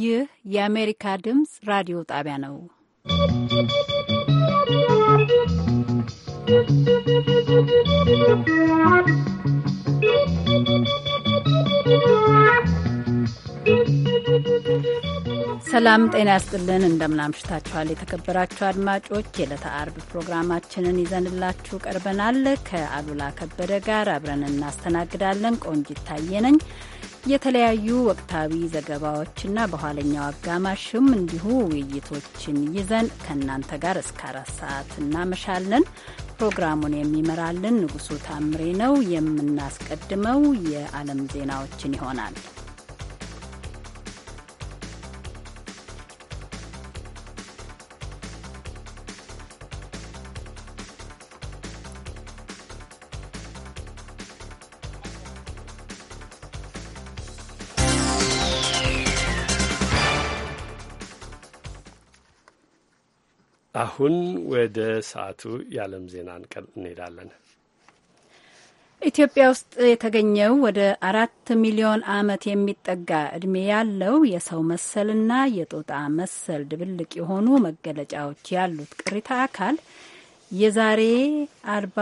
ይህ የአሜሪካ ድምፅ ራዲዮ ጣቢያ ነው። ሰላም ጤና ያስጥልን። እንደምናምሽታችኋል የተከበራችሁ አድማጮች፣ የዕለተ አርብ ፕሮግራማችንን ይዘንላችሁ ቀርበናል። ከአሉላ ከበደ ጋር አብረን እናስተናግዳለን። ቆንጅ ይታየነኝ የተለያዩ ወቅታዊ ዘገባዎችና በኋለኛው አጋማሽም እንዲሁ ውይይቶችን ይዘን ከእናንተ ጋር እስከ አራት ሰዓት እናመሻለን። ፕሮግራሙን የሚመራልን ንጉሱ ታምሬ ነው። የምናስቀድመው የዓለም ዜናዎችን ይሆናል። አሁን ወደ ሰዓቱ የዓለም ዜና እንሄዳለን። ኢትዮጵያ ውስጥ የተገኘው ወደ አራት ሚሊዮን ዓመት የሚጠጋ እድሜ ያለው የሰው መሰልና የጦጣ መሰል ድብልቅ የሆኑ መገለጫዎች ያሉት ቅሪተ አካል የዛሬ አርባ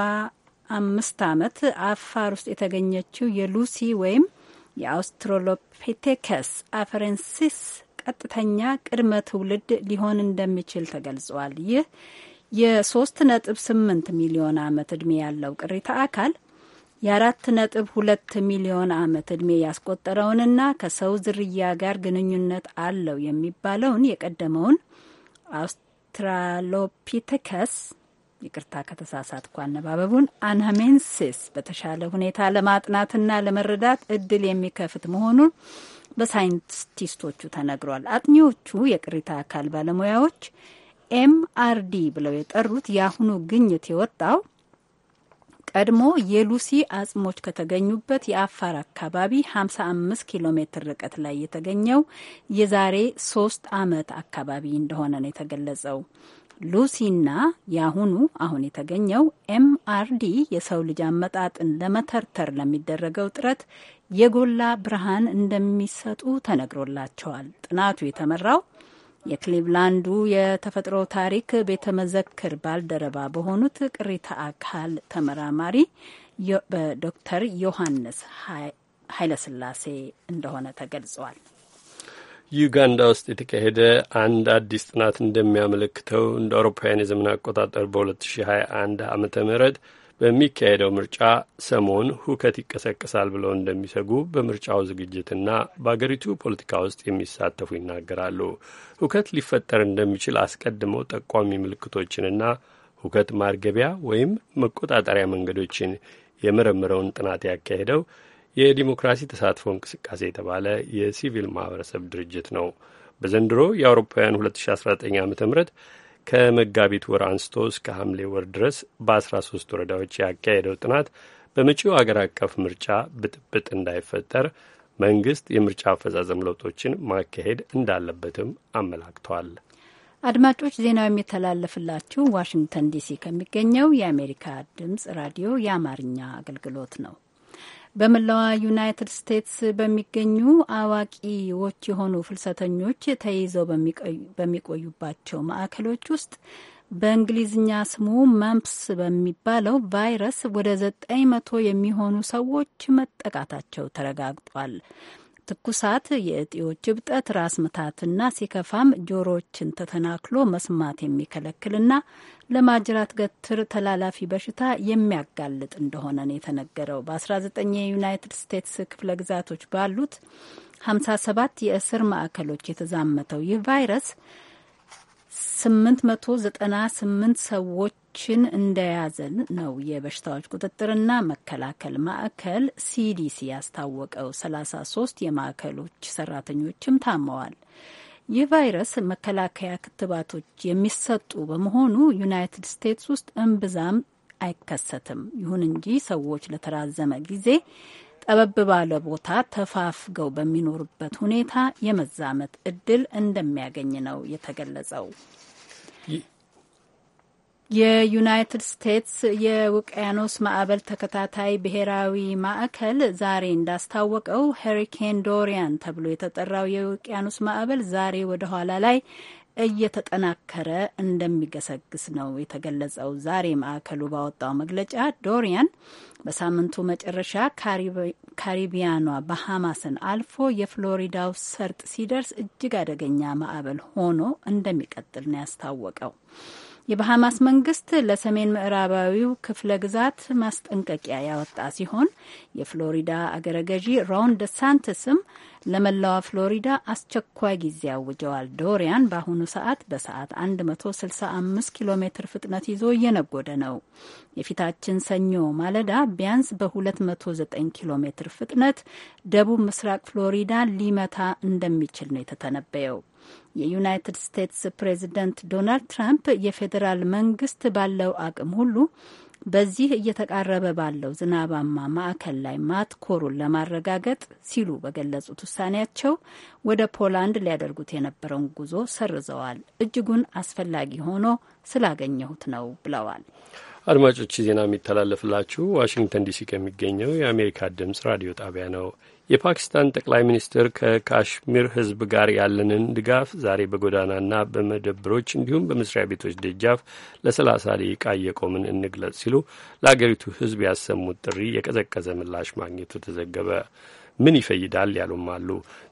አምስት ዓመት አፋር ውስጥ የተገኘችው የሉሲ ወይም የአውስትራሎፒቴከስ አፈረንሲስ ቀጥተኛ ቅድመ ትውልድ ሊሆን እንደሚችል ተገልጿል። ይህ የሶስት ነጥብ ስምንት ሚሊዮን ዓመት ዕድሜ ያለው ቅሪተ አካል የአራት ነጥብ ሁለት ሚሊዮን ዓመት ዕድሜ ያስቆጠረውንና ከሰው ዝርያ ጋር ግንኙነት አለው የሚባለውን የቀደመውን አውስትራሎፒተከስ ይቅርታ ከተሳሳትኩ አነባበቡን አናሜንሲስ በተሻለ ሁኔታ ለማጥናትና ለመረዳት እድል የሚከፍት መሆኑን በሳይንቲስቶቹ ተነግሯል። አጥኚዎቹ የቅሪተ አካል ባለሙያዎች ኤምአርዲ ብለው የጠሩት የአሁኑ ግኝት የወጣው ቀድሞ የሉሲ አጽሞች ከተገኙበት የአፋር አካባቢ 55 ኪሎ ሜትር ርቀት ላይ የተገኘው የዛሬ ሶስት ዓመት አካባቢ እንደሆነ ነው የተገለጸው። ሉሲና የአሁኑ አሁን የተገኘው ኤምአርዲ የሰው ልጅ አመጣጥን ለመተርተር ለሚደረገው ጥረት የጎላ ብርሃን እንደሚሰጡ ተነግሮላቸዋል። ጥናቱ የተመራው የክሊቭላንዱ የተፈጥሮ ታሪክ ቤተ መዘክር ባልደረባ በሆኑት ቅሪተ አካል ተመራማሪ በዶክተር ዮሐንስ ኃይለስላሴ እንደሆነ ተገልጿል። ዩጋንዳ ውስጥ የተካሄደ አንድ አዲስ ጥናት እንደሚያመለክተው እንደ አውሮፓውያን የዘመን አቆጣጠር በ2021 ዓመተ ምህረት በሚካሄደው ምርጫ ሰሞን ሁከት ይቀሰቀሳል ብለው እንደሚሰጉ በምርጫው ዝግጅትና በአገሪቱ ፖለቲካ ውስጥ የሚሳተፉ ይናገራሉ። ሁከት ሊፈጠር እንደሚችል አስቀድመው ጠቋሚ ምልክቶችንና ሁከት ማርገቢያ ወይም መቆጣጠሪያ መንገዶችን የመረመረውን ጥናት ያካሄደው የዲሞክራሲ ተሳትፎ እንቅስቃሴ የተባለ የሲቪል ማህበረሰብ ድርጅት ነው። በዘንድሮ የአውሮፓውያን 2019 ዓ ም ከመጋቢት ወር አንስቶ እስከ ሐምሌ ወር ድረስ በ13 ወረዳዎች ያካሄደው ጥናት በመጪው አገር አቀፍ ምርጫ ብጥብጥ እንዳይፈጠር መንግስት የምርጫ አፈጻጸም ለውጦችን ማካሄድ እንዳለበትም አመላክቷል። አድማጮች ዜናው የሚተላለፍላችሁ ዋሽንግተን ዲሲ ከሚገኘው የአሜሪካ ድምጽ ራዲዮ የአማርኛ አገልግሎት ነው። በመላዋ ዩናይትድ ስቴትስ በሚገኙ አዋቂዎች የሆኑ ፍልሰተኞች ተይዘው በሚቆዩባቸው ማዕከሎች ውስጥ በእንግሊዝኛ ስሙ መምፕስ በሚባለው ቫይረስ ወደ ዘጠኝ መቶ የሚሆኑ ሰዎች መጠቃታቸው ተረጋግጧል። ትኩሳት፣ የእጢዎች እብጠት፣ ራስ ምታትና ሲከፋም ጆሮዎችን ተተናክሎ መስማት የሚከለክልና ለማጅራት ገትር ተላላፊ በሽታ የሚያጋልጥ እንደሆነ ነው የተነገረው። በ19 የዩናይትድ ስቴትስ ክፍለ ግዛቶች ባሉት 57 የእስር ማዕከሎች የተዛመተው ይህ ቫይረስ 898 ሰዎችን እንደያዘ ነው የበሽታዎች ቁጥጥርና መከላከል ማዕከል ሲዲሲ ያስታወቀው። 33 የማዕከሎች ሰራተኞችም ታመዋል። ይህ ቫይረስ መከላከያ ክትባቶች የሚሰጡ በመሆኑ ዩናይትድ ስቴትስ ውስጥ እምብዛም አይከሰትም። ይሁን እንጂ ሰዎች ለተራዘመ ጊዜ ጠበብ ባለ ቦታ ተፋፍገው በሚኖሩበት ሁኔታ የመዛመት እድል እንደሚያገኝ ነው የተገለጸው። የዩናይትድ ስቴትስ የውቅያኖስ ማዕበል ተከታታይ ብሔራዊ ማዕከል ዛሬ እንዳስታወቀው ሄሪኬን ዶሪያን ተብሎ የተጠራው የውቅያኖስ ማዕበል ዛሬ ወደ ኋላ ላይ እየተጠናከረ እንደሚገሰግስ ነው የተገለጸው። ዛሬ ማዕከሉ ባወጣው መግለጫ ዶሪያን በሳምንቱ መጨረሻ ካሪቢያኗ ባሃማስን አልፎ የፍሎሪዳው ሰርጥ ሲደርስ እጅግ አደገኛ ማዕበል ሆኖ እንደሚቀጥል ነው ያስታወቀው። የባሃማስ መንግስት ለሰሜን ምዕራባዊው ክፍለ ግዛት ማስጠንቀቂያ ያወጣ ሲሆን የፍሎሪዳ አገረ ገዢ ሮን ደሳንትስም ለመላዋ ፍሎሪዳ አስቸኳይ ጊዜ አውጀዋል። ዶሪያን በአሁኑ ሰዓት በሰዓት 165 ኪሎ ሜትር ፍጥነት ይዞ እየነጎደ ነው። የፊታችን ሰኞ ማለዳ ቢያንስ በ209 ኪሎ ሜትር ፍጥነት ደቡብ ምስራቅ ፍሎሪዳ ሊመታ እንደሚችል ነው የተተነበየው። የዩናይትድ ስቴትስ ፕሬዚደንት ዶናልድ ትራምፕ የፌዴራል መንግስት ባለው አቅም ሁሉ በዚህ እየተቃረበ ባለው ዝናባማ ማዕከል ላይ ማትኮሩን ለማረጋገጥ ሲሉ በገለጹት ውሳኔያቸው ወደ ፖላንድ ሊያደርጉት የነበረውን ጉዞ ሰርዘዋል። እጅጉን አስፈላጊ ሆኖ ስላገኘሁት ነው ብለዋል። አድማጮች ዜና የሚተላለፍላችሁ ዋሽንግተን ዲሲ ከሚገኘው የአሜሪካ ድምጽ ራዲዮ ጣቢያ ነው። የፓኪስታን ጠቅላይ ሚኒስትር ከካሽሚር ሕዝብ ጋር ያለንን ድጋፍ ዛሬ በጎዳናና በመደብሮች እንዲሁም በመስሪያ ቤቶች ደጃፍ ለሰላሳ ደቂቃ እየቆምን እንግለጽ ሲሉ ለአገሪቱ ሕዝብ ያሰሙት ጥሪ የቀዘቀዘ ምላሽ ማግኘቱ ተዘገበ። ምን ይፈይዳል ያሉም አሉ።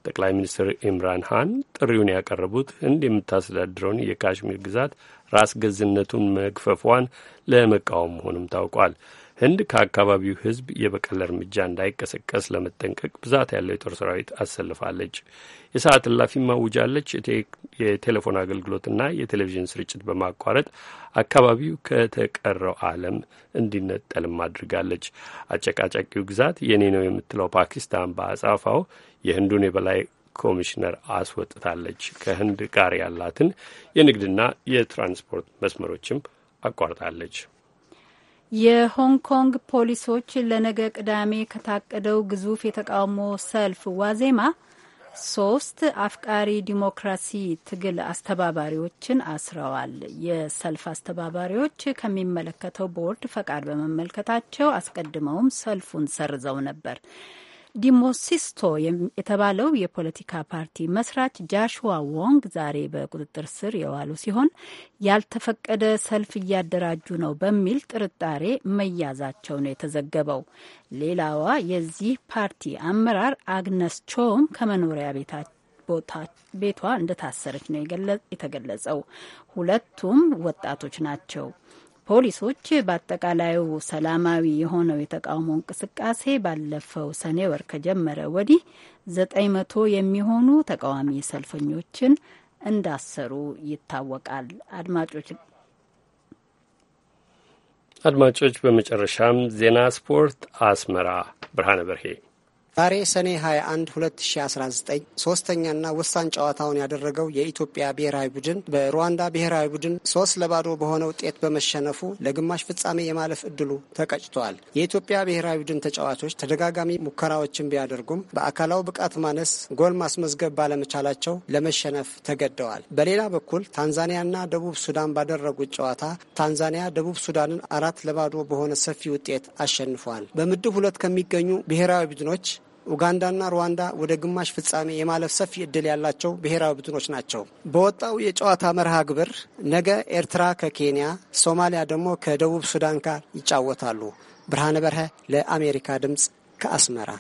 ጠቅላይ ሚኒስትር ኢምራን ሃን ጥሪውን ያቀረቡት ህንድ የምታስተዳድረውን የካሽሚር ግዛት ራስ ገዝነቱን መግፈፏን ለመቃወም መሆኑም ታውቋል። ህንድ ከአካባቢው ህዝብ የበቀል እርምጃ እንዳይቀሰቀስ ለመጠንቀቅ ብዛት ያለው የጦር ሰራዊት አሰልፋለች። የሰዓት እላፊም ማውጃለች። የቴሌፎን አገልግሎትና የቴሌቪዥን ስርጭት በማቋረጥ አካባቢው ከተቀረው ዓለም እንዲነጠልም አድርጋለች። አጨቃጫቂው ግዛት የኔ ነው የምትለው ፓኪስታን በአጻፋው የህንዱን የበላይ ኮሚሽነር አስወጥታለች። ከህንድ ጋር ያላትን የንግድና የትራንስፖርት መስመሮችም አቋርጣለች። የሆንግ ኮንግ ፖሊሶች ለነገ ቅዳሜ ከታቀደው ግዙፍ የተቃውሞ ሰልፍ ዋዜማ ሶስት አፍቃሪ ዲሞክራሲ ትግል አስተባባሪዎችን አስረዋል። የሰልፍ አስተባባሪዎች ከሚመለከተው ቦርድ ፈቃድ በመመልከታቸው አስቀድመውም ሰልፉን ሰርዘው ነበር። ዲሞሲስቶ የተባለው የፖለቲካ ፓርቲ መስራች ጃሽዋ ዎንግ ዛሬ በቁጥጥር ስር የዋሉ ሲሆን ያልተፈቀደ ሰልፍ እያደራጁ ነው በሚል ጥርጣሬ መያዛቸው ነው የተዘገበው። ሌላዋ የዚህ ፓርቲ አመራር አግነስ ቾም ከመኖሪያ ቤታቸው ቤቷ እንደታሰረች ነው የተገለጸው። ሁለቱም ወጣቶች ናቸው። ፖሊሶች በአጠቃላዩ ሰላማዊ የሆነው የተቃውሞ እንቅስቃሴ ባለፈው ሰኔ ወር ከጀመረ ወዲህ ዘጠኝ መቶ የሚሆኑ ተቃዋሚ ሰልፈኞችን እንዳሰሩ ይታወቃል። አድማጮች አድማጮች በመጨረሻም ዜና ስፖርት፣ አስመራ ብርሃነ በርሄ ዛሬ ሰኔ 21 2019 ሶስተኛና ወሳኝ ጨዋታውን ያደረገው የኢትዮጵያ ብሔራዊ ቡድን በሩዋንዳ ብሔራዊ ቡድን ሶስት ለባዶ በሆነ ውጤት በመሸነፉ ለግማሽ ፍጻሜ የማለፍ እድሉ ተቀጭቷል። የኢትዮጵያ ብሔራዊ ቡድን ተጫዋቾች ተደጋጋሚ ሙከራዎችን ቢያደርጉም በአካላው ብቃት ማነስ ጎል ማስመዝገብ ባለመቻላቸው ለመሸነፍ ተገደዋል። በሌላ በኩል ታንዛኒያና ደቡብ ሱዳን ባደረጉት ጨዋታ ታንዛኒያ ደቡብ ሱዳንን አራት ለባዶ በሆነ ሰፊ ውጤት አሸንፏል። በምድብ ሁለት ከሚገኙ ብሔራዊ ቡድኖች ኡጋንዳና ሩዋንዳ ወደ ግማሽ ፍጻሜ የማለፍ ሰፊ እድል ያላቸው ብሔራዊ ቡድኖች ናቸው። በወጣው የጨዋታ መርሃ ግብር ነገ ኤርትራ ከኬንያ፣ ሶማሊያ ደግሞ ከደቡብ ሱዳን ጋር ይጫወታሉ። ብርሃነ በርሀ ለአሜሪካ ድምፅ ከአስመራ።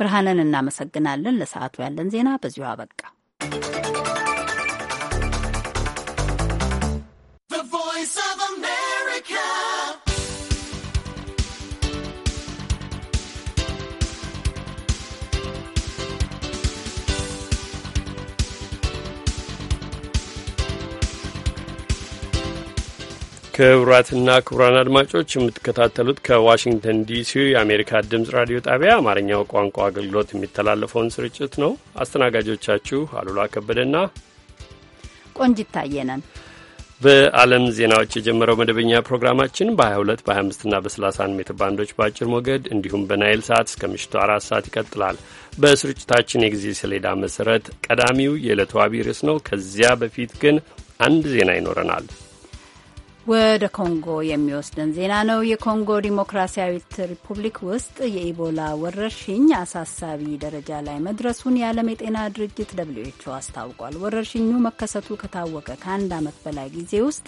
ብርሃንን እናመሰግናለን። ለሰዓቱ ያለን ዜና በዚሁ አበቃ። ክቡራትና ክቡራን አድማጮች የምትከታተሉት ከዋሽንግተን ዲሲ የአሜሪካ ድምጽ ራዲዮ ጣቢያ አማርኛው ቋንቋ አገልግሎት የሚተላለፈውን ስርጭት ነው። አስተናጋጆቻችሁ አሉላ ከበደና ቆንጂት ታየ በዓለም ዜናዎች የጀመረው መደበኛ ፕሮግራማችን በ22 በ25ና በ31 ሜትር ባንዶች በአጭር ሞገድ እንዲሁም በናይል ሰዓት እስከ ምሽቱ አራት ሰዓት ይቀጥላል። በስርጭታችን የጊዜ ሰሌዳ መሰረት ቀዳሚው የዕለቱ አቢይ ርዕስ ነው። ከዚያ በፊት ግን አንድ ዜና ይኖረናል። ወደ ኮንጎ የሚወስደን ዜና ነው። የኮንጎ ዲሞክራሲያዊት ሪፑብሊክ ውስጥ የኢቦላ ወረርሽኝ አሳሳቢ ደረጃ ላይ መድረሱን የዓለም የጤና ድርጅት ደብልዩ ኤች ኦ አስታውቋል። ወረርሽኙ መከሰቱ ከታወቀ ከአንድ ዓመት በላይ ጊዜ ውስጥ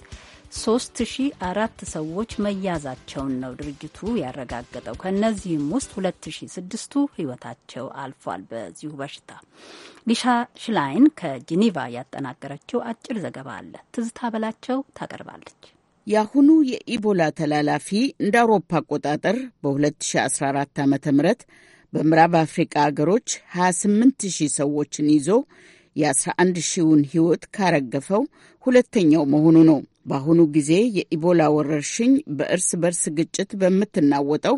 ሶስት ሺ አራት ሰዎች መያዛቸውን ነው ድርጅቱ ያረጋገጠው። ከእነዚህም ውስጥ ሁለት ሺ ስድስቱ ህይወታቸው አልፏል በዚሁ በሽታ። ሊሻ ሽላይን ከጂኒቫ ያጠናቀረችው አጭር ዘገባ አለ። ትዝታ በላቸው ታቀርባለች። የአሁኑ የኢቦላ ተላላፊ እንደ አውሮፓ አቆጣጠር በ2014 ዓ ም በምዕራብ አፍሪቃ አገሮች 28000 ሰዎችን ይዞ የ11 ሺውን ሕይወት ካረገፈው ሁለተኛው መሆኑ ነው። በአሁኑ ጊዜ የኢቦላ ወረርሽኝ በእርስ በርስ ግጭት በምትናወጠው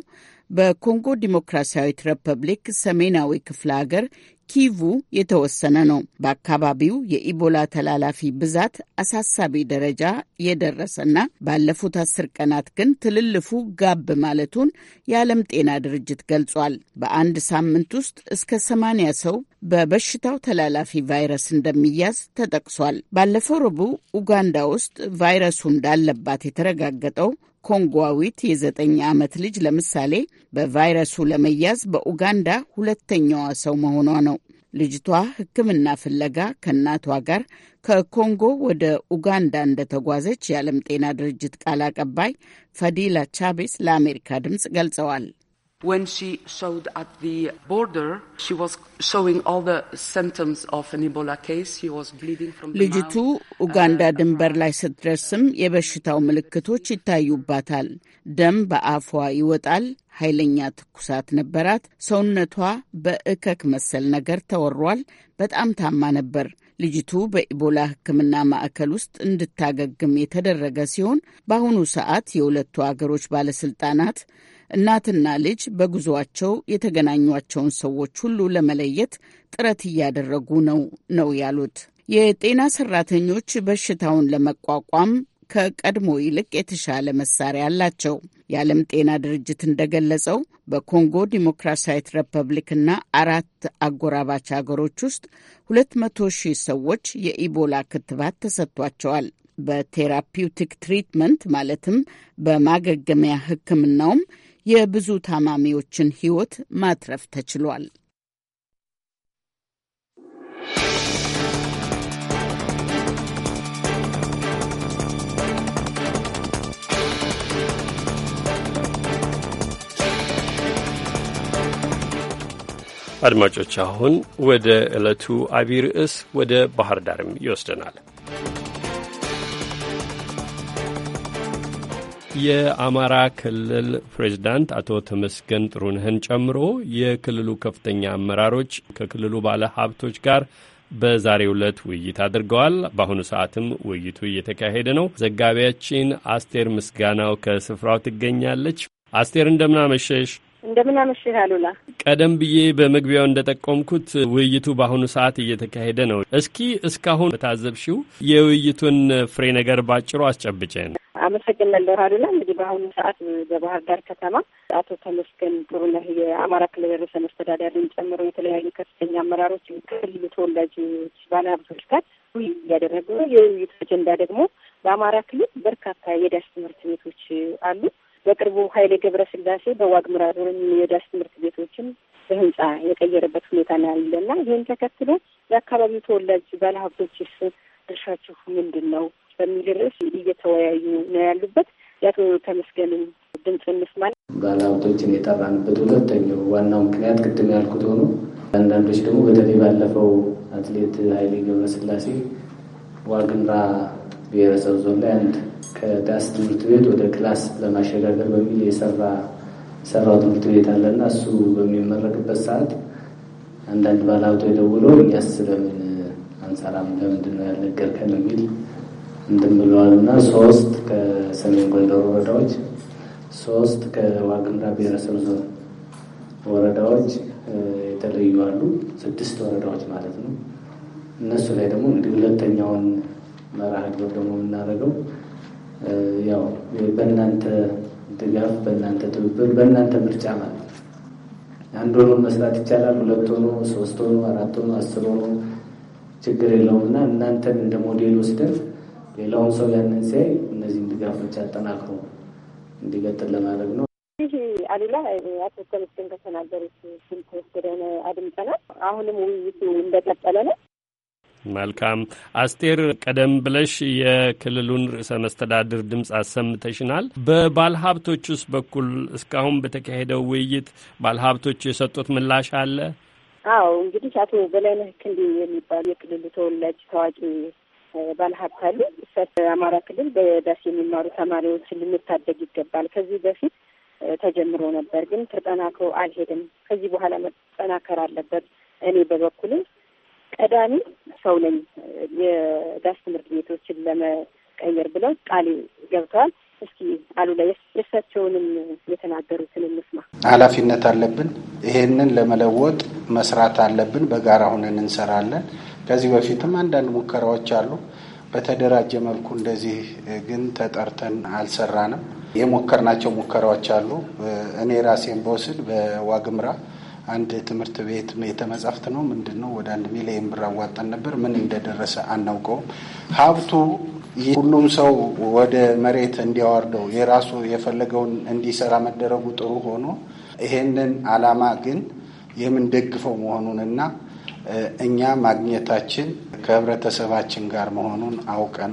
በኮንጎ ዲሞክራሲያዊት ሪፐብሊክ ሰሜናዊ ክፍለ ሀገር ኪቩ የተወሰነ ነው። በአካባቢው የኢቦላ ተላላፊ ብዛት አሳሳቢ ደረጃ የደረሰና ባለፉት አስር ቀናት ግን ትልልፉ ጋብ ማለቱን የዓለም ጤና ድርጅት ገልጿል። በአንድ ሳምንት ውስጥ እስከ ሰማንያ ሰው በበሽታው ተላላፊ ቫይረስ እንደሚያዝ ተጠቅሷል። ባለፈው ረቡዕ ኡጋንዳ ውስጥ ቫይረሱ እንዳለባት የተረጋገጠው ኮንጓዊት የዘጠኝ ዓመት ልጅ ለምሳሌ በቫይረሱ ለመያዝ በኡጋንዳ ሁለተኛዋ ሰው መሆኗ ነው። ልጅቷ ሕክምና ፍለጋ ከእናቷ ጋር ከኮንጎ ወደ ኡጋንዳ እንደተጓዘች የዓለም ጤና ድርጅት ቃል አቀባይ ፈዲላ ቻቤስ ለአሜሪካ ድምፅ ገልጸዋል። When she showed at the border, she was showing all the symptoms of an Ebola case. She was bleeding from the ልጅቱ ኡጋንዳ uh, ድንበር ላይ ስትደርስም የበሽታው ምልክቶች ይታዩባታል። ደም በአፏ ይወጣል። ኃይለኛ ትኩሳት ነበራት። ሰውነቷ በእከክ መሰል ነገር ተወሯል። በጣም ታማ ነበር። ልጅቱ በኢቦላ ሕክምና ማዕከል ውስጥ እንድታገግም የተደረገ ሲሆን በአሁኑ ሰዓት የሁለቱ አገሮች ባለስልጣናት እናትና ልጅ በጉዞአቸው የተገናኟቸውን ሰዎች ሁሉ ለመለየት ጥረት እያደረጉ ነው ነው ያሉት። የጤና ሰራተኞች በሽታውን ለመቋቋም ከቀድሞ ይልቅ የተሻለ መሳሪያ አላቸው። የዓለም ጤና ድርጅት እንደገለጸው በኮንጎ ዲሞክራሲያዊት ሪፐብሊክና አራት አጎራባች ሀገሮች ውስጥ ሁለት መቶ ሺህ ሰዎች የኢቦላ ክትባት ተሰጥቷቸዋል። በቴራፒውቲክ ትሪትመንት ማለትም በማገገሚያ ሕክምናውም የብዙ ታማሚዎችን ሕይወት ማትረፍ ተችሏል። አድማጮች አሁን ወደ ዕለቱ አቢይ ርዕስ ወደ ባህር ዳርም ይወስደናል። የአማራ ክልል ፕሬዚዳንት አቶ ተመስገን ጥሩንህን ጨምሮ የክልሉ ከፍተኛ አመራሮች ከክልሉ ባለ ሀብቶች ጋር በዛሬው ዕለት ውይይት አድርገዋል። በአሁኑ ሰዓትም ውይይቱ እየተካሄደ ነው። ዘጋቢያችን አስቴር ምስጋናው ከስፍራው ትገኛለች። አስቴር እንደምናመሸሽ። እንደምን አመሽህ አሉላ። ቀደም ብዬ በመግቢያው እንደጠቆምኩት ውይይቱ በአሁኑ ሰዓት እየተካሄደ ነው። እስኪ እስካሁን በታዘብሽው የውይይቱን ፍሬ ነገር ባጭሩ አስጨብጨን። አመሰግናለሁ አሉላ። እንግዲህ በአሁኑ ሰዓት በባህር ዳር ከተማ አቶ ተመስገን ጥሩነህ የአማራ ክልል ርዕሰ መስተዳደርን ጨምሮ የተለያዩ ከፍተኛ አመራሮች፣ ክልሉ ተወላጆች፣ ባለሀብቶች ጋር ውይይት እያደረጉ ነው። የውይይቱ አጀንዳ ደግሞ በአማራ ክልል በርካታ የዳስ ትምህርት ቤቶች አሉ በቅርቡ ኃይሌ ገብረስላሴ በዋግ ምራሩን የዳስ ትምህርት ቤቶችን በህንጻ የቀየረበት ሁኔታ ነው ያለና ይህን ተከትሎ የአካባቢው ተወላጅ ባለሀብቶችስ ድርሻችሁ ምንድን ነው በሚል ርዕስ እየተወያዩ ነው ያሉበት። የአቶ ተመስገንን ድምፅ እንስማ። ባለሀብቶችን የጠራንበት ሁለተኛው ዋናው ምክንያት ቅድም ያልኩት ሆኖ አንዳንዶች ደግሞ በተለይ ባለፈው አትሌት ኃይሌ ገብረስላሴ ዋግምራ ብሔረሰብ ዞን ላይ አንድ ከዳስ ትምህርት ቤት ወደ ክላስ ለማሸጋገር በሚል የሰራ ሰራው ትምህርት ቤት አለና እሱ በሚመረቅበት ሰዓት አንዳንድ ባለሀብቶ የደውለው እኛስ ለምን አንሰራም ለምንድን ነው ያልነገርከን የሚል እንትን ብለዋል እና ሶስት ከሰሜን ጎንደር ወረዳዎች ሶስት ከዋግምራ ብሔረሰብ ዞን ወረዳዎች የተለዩ አሉ። ስድስት ወረዳዎች ማለት ነው። እነሱ ላይ ደግሞ እንግዲህ ሁለተኛውን መርሃ ግብር ደግሞ የምናደርገው ያው በእናንተ ድጋፍ፣ በእናንተ ትብብር፣ በእናንተ ምርጫ ማለት ነው። አንድ ሆኖ መስራት ይቻላል። ሁለት ሆኖ፣ ሶስት ሆኖ፣ አራት ሆኖ፣ አስር ሆኖ ችግር የለውም እና እናንተን እንደ ሞዴል ወስደን ሌላውን ሰው ያንን ሲያይ እነዚህን ድጋፎች አጠናክሮ እንዲቀጥል ለማድረግ ነው። ይህ አሌላ አቶ ተመስገን ከተናገሩት ስልት ወስደን አድምጠናል። አሁንም ውይይቱ እንደቀጠለ ነው። መልካም አስቴር፣ ቀደም ብለሽ የክልሉን ርዕሰ መስተዳድር ድምፅ አሰምተሽናል። በባለሀብቶች ውስጥ በኩል እስካሁን በተካሄደው ውይይት ባለሀብቶች የሰጡት ምላሽ አለ? አዎ እንግዲህ አቶ በላይነህ ክንዴ የሚባሉ የክልሉ ተወላጅ ታዋቂ ባለሀብት አሉ። አማራ ክልል በዳስ የሚማሩ ተማሪዎችን ልንታደግ ይገባል። ከዚህ በፊት ተጀምሮ ነበር፣ ግን ተጠናክሮ አልሄድም። ከዚህ በኋላ መጠናከር አለበት። እኔ በበኩልም ቀዳሚ ሰው ነኝ የዳስ ትምህርት ቤቶችን ለመቀየር ብለው ቃል ገብተዋል። እስኪ አሉላ የእሳቸውንም የተናገሩትን እንስማ። ኃላፊነት አለብን። ይሄንን ለመለወጥ መስራት አለብን። በጋራ ሁነን እንሰራለን። ከዚህ በፊትም አንዳንድ ሙከራዎች አሉ። በተደራጀ መልኩ እንደዚህ ግን ተጠርተን አልሰራንም። የሞከርናቸው ሙከራዎች አሉ። እኔ ራሴን በወስድ በዋግምራ አንድ ትምህርት ቤት ቤተ መጻሕፍት ነው ምንድን ነው ወደ አንድ ሚሊየን ብር አዋጣን ነበር። ምን እንደደረሰ አናውቀውም። ሀብቱ ሁሉም ሰው ወደ መሬት እንዲያወርደው የራሱ የፈለገውን እንዲሰራ መደረጉ ጥሩ ሆኖ ይሄንን አላማ ግን የምንደግፈው መሆኑንና እኛ ማግኘታችን ከህብረተሰባችን ጋር መሆኑን አውቀን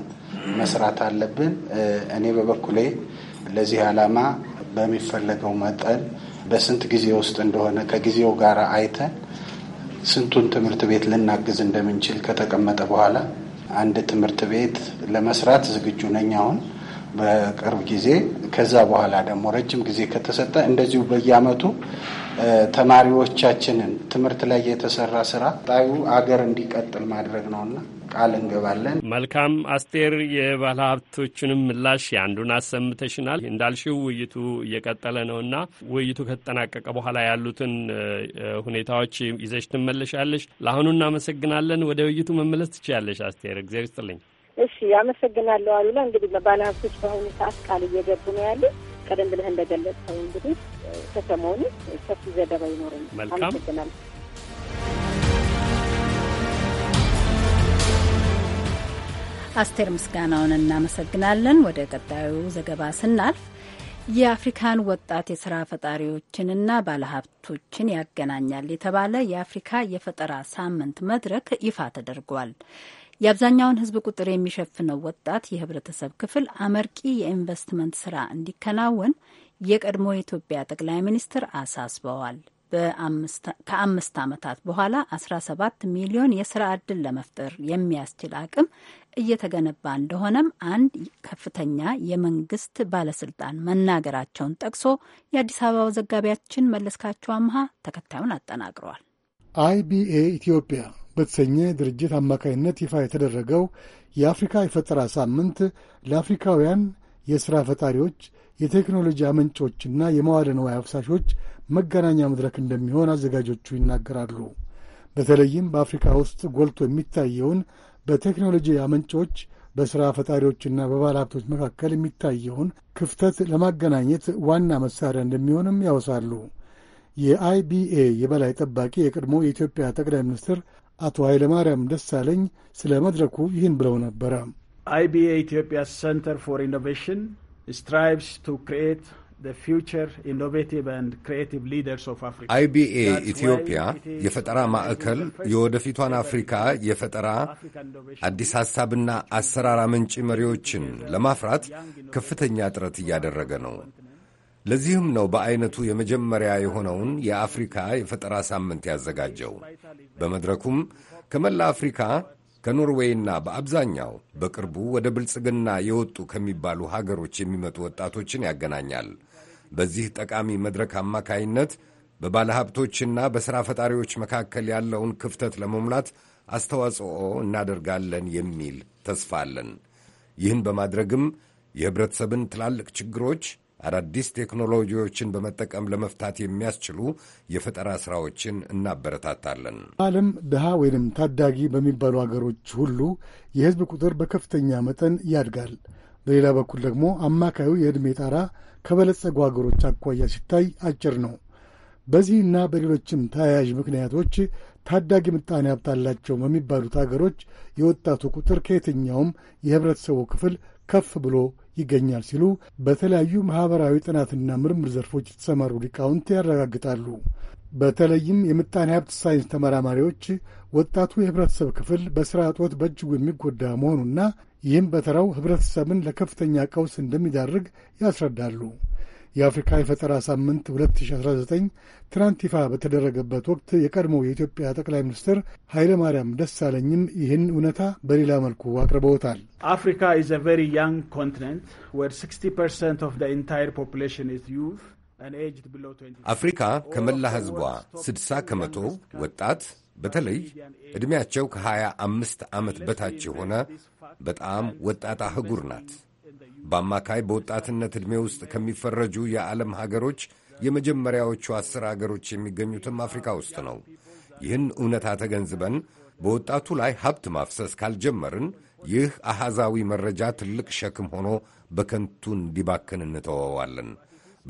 መስራት አለብን። እኔ በበኩሌ ለዚህ አላማ በሚፈለገው መጠን በስንት ጊዜ ውስጥ እንደሆነ ከጊዜው ጋር አይተን ስንቱን ትምህርት ቤት ልናግዝ እንደምንችል ከተቀመጠ በኋላ አንድ ትምህርት ቤት ለመስራት ዝግጁ ነኝ አሁን በቅርብ ጊዜ። ከዛ በኋላ ደግሞ ረጅም ጊዜ ከተሰጠ እንደዚሁ በየአመቱ ተማሪዎቻችንን ትምህርት ላይ የተሰራ ስራ ጣዩ አገር እንዲቀጥል ማድረግ ነውና ቃል እንገባለን። መልካም አስቴር፣ የባለ ሀብቶቹንም ምላሽ የአንዱን አሰምተሽናል። እንዳልሽው ውይይቱ እየቀጠለ ነው ነውና ውይይቱ ከተጠናቀቀ በኋላ ያሉትን ሁኔታዎች ይዘሽ ትመለሻለሽ። ለአሁኑ እናመሰግናለን። ወደ ውይይቱ መመለስ ትችያለሽ አስቴር። እግዜር ይስጥልኝ። እሺ፣ አመሰግናለሁ አሉላ። እንግዲህ ባለ ሀብቶች በአሁኑ ሰዓት ቃል እየገቡ ነው ያሉት። ቀደም ብለህ እንደገለጽከው እንግዲህ ከሰሞኑ ሰፊ ዘገባ ይኖረኛል። አመሰግናለሁ። አስቴር ምስጋናውን እናመሰግናለን። ወደ ቀጣዩ ዘገባ ስናልፍ የአፍሪካን ወጣት የስራ ፈጣሪዎችንና ባለሀብቶችን ያገናኛል የተባለ የአፍሪካ የፈጠራ ሳምንት መድረክ ይፋ ተደርጓል። የአብዛኛውን ሕዝብ ቁጥር የሚሸፍነው ወጣት የህብረተሰብ ክፍል አመርቂ የኢንቨስትመንት ስራ እንዲከናወን የቀድሞ የኢትዮጵያ ጠቅላይ ሚኒስትር አሳስበዋል። ከአምስት ዓመታት በኋላ 17 ሚሊዮን የስራ ዕድል ለመፍጠር የሚያስችል አቅም እየተገነባ እንደሆነም አንድ ከፍተኛ የመንግስት ባለስልጣን መናገራቸውን ጠቅሶ የአዲስ አበባው ዘጋቢያችን መለስካቸው አምሃ ተከታዩን አጠናቅረዋል። አይቢኤ ኢትዮጵያ በተሰኘ ድርጅት አማካኝነት ይፋ የተደረገው የአፍሪካ የፈጠራ ሳምንት ለአፍሪካውያን የሥራ ፈጣሪዎች፣ የቴክኖሎጂ አመንጮችና የመዋለ ንዋይ አፍሳሾች መገናኛ መድረክ እንደሚሆን አዘጋጆቹ ይናገራሉ። በተለይም በአፍሪካ ውስጥ ጎልቶ የሚታየውን በቴክኖሎጂ አመንጮች በሥራ ፈጣሪዎችና በባለሀብቶች መካከል የሚታየውን ክፍተት ለማገናኘት ዋና መሳሪያ እንደሚሆንም ያወሳሉ። የአይቢኤ የበላይ ጠባቂ የቀድሞ የኢትዮጵያ ጠቅላይ ሚኒስትር አቶ ኃይለማርያም ደሳለኝ ስለ መድረኩ ይህን ብለው ነበረ። አይቢኤ ኢትዮጵያ ሴንተር ፎር ኢኖቬሽን ስትራይቭስ ቱ ክሪኤት አይቢኤ ኢትዮጵያ የፈጠራ ማዕከል የወደፊቷን አፍሪካ የፈጠራ አዲስ ሐሳብና አሰራር አመንጪ መሪዎችን ለማፍራት ከፍተኛ ጥረት እያደረገ ነው። ለዚህም ነው በዐይነቱ የመጀመሪያ የሆነውን የአፍሪካ የፈጠራ ሳምንት ያዘጋጀው። በመድረኩም ከመላ አፍሪካ ከኖርዌይና በአብዛኛው በቅርቡ ወደ ብልጽግና የወጡ ከሚባሉ ሀገሮች የሚመጡ ወጣቶችን ያገናኛል። በዚህ ጠቃሚ መድረክ አማካይነት በባለሀብቶችና በሥራ ፈጣሪዎች መካከል ያለውን ክፍተት ለመሙላት አስተዋጽኦ እናደርጋለን የሚል ተስፋ አለን። ይህን በማድረግም የህብረተሰብን ትላልቅ ችግሮች አዳዲስ ቴክኖሎጂዎችን በመጠቀም ለመፍታት የሚያስችሉ የፈጠራ ሥራዎችን እናበረታታለን። ዓለም ድሃ ወይንም ታዳጊ በሚባሉ አገሮች ሁሉ የሕዝብ ቁጥር በከፍተኛ መጠን ያድጋል። በሌላ በኩል ደግሞ አማካዩ የዕድሜ ጣራ ከበለጸጉ አገሮች አኳያ ሲታይ አጭር ነው። በዚህና በሌሎችም ተያያዥ ምክንያቶች ታዳጊ ምጣኔ ሀብት አላቸው በሚባሉት አገሮች የወጣቱ ቁጥር ከየትኛውም የህብረተሰቡ ክፍል ከፍ ብሎ ይገኛል ሲሉ በተለያዩ ማኅበራዊ ጥናትና ምርምር ዘርፎች የተሰማሩ ሊቃውንት ያረጋግጣሉ። በተለይም የምጣኔ ሀብት ሳይንስ ተመራማሪዎች ወጣቱ የህብረተሰብ ክፍል በሥራ እጦት በእጅጉ የሚጎዳ መሆኑና ይህም በተራው ህብረተሰብን ለከፍተኛ ቀውስ እንደሚዳርግ ያስረዳሉ። የአፍሪካ የፈጠራ ሳምንት 2019 ትናንት ይፋ በተደረገበት ወቅት የቀድሞው የኢትዮጵያ ጠቅላይ ሚኒስትር ኃይለማርያም ደሳለኝም ይህን እውነታ በሌላ መልኩ አቅርበውታል። አፍሪካ ኢዝ አ ቬሪ ያንግ ኮንቲነንት ዌር 60 ፐርሰንት ኦፍ ዘ ኢንታየር ፖፑሌሽን ኢዝ ዩዝ አፍሪካ ከመላ ሕዝቧ 60 ከመቶ ወጣት በተለይ ዕድሜያቸው ከ አምስት ዓመት በታች የሆነ በጣም ወጣት አህጉር ናት። በአማካይ በወጣትነት ዕድሜ ውስጥ ከሚፈረጁ የዓለም ሀገሮች የመጀመሪያዎቹ አስር ሀገሮች የሚገኙትም አፍሪካ ውስጥ ነው። ይህን እውነታ ተገንዝበን በወጣቱ ላይ ሀብት ማፍሰስ ካልጀመርን ይህ አሃዛዊ መረጃ ትልቅ ሸክም ሆኖ በከንቱ እንዲባክን እንተወዋለን።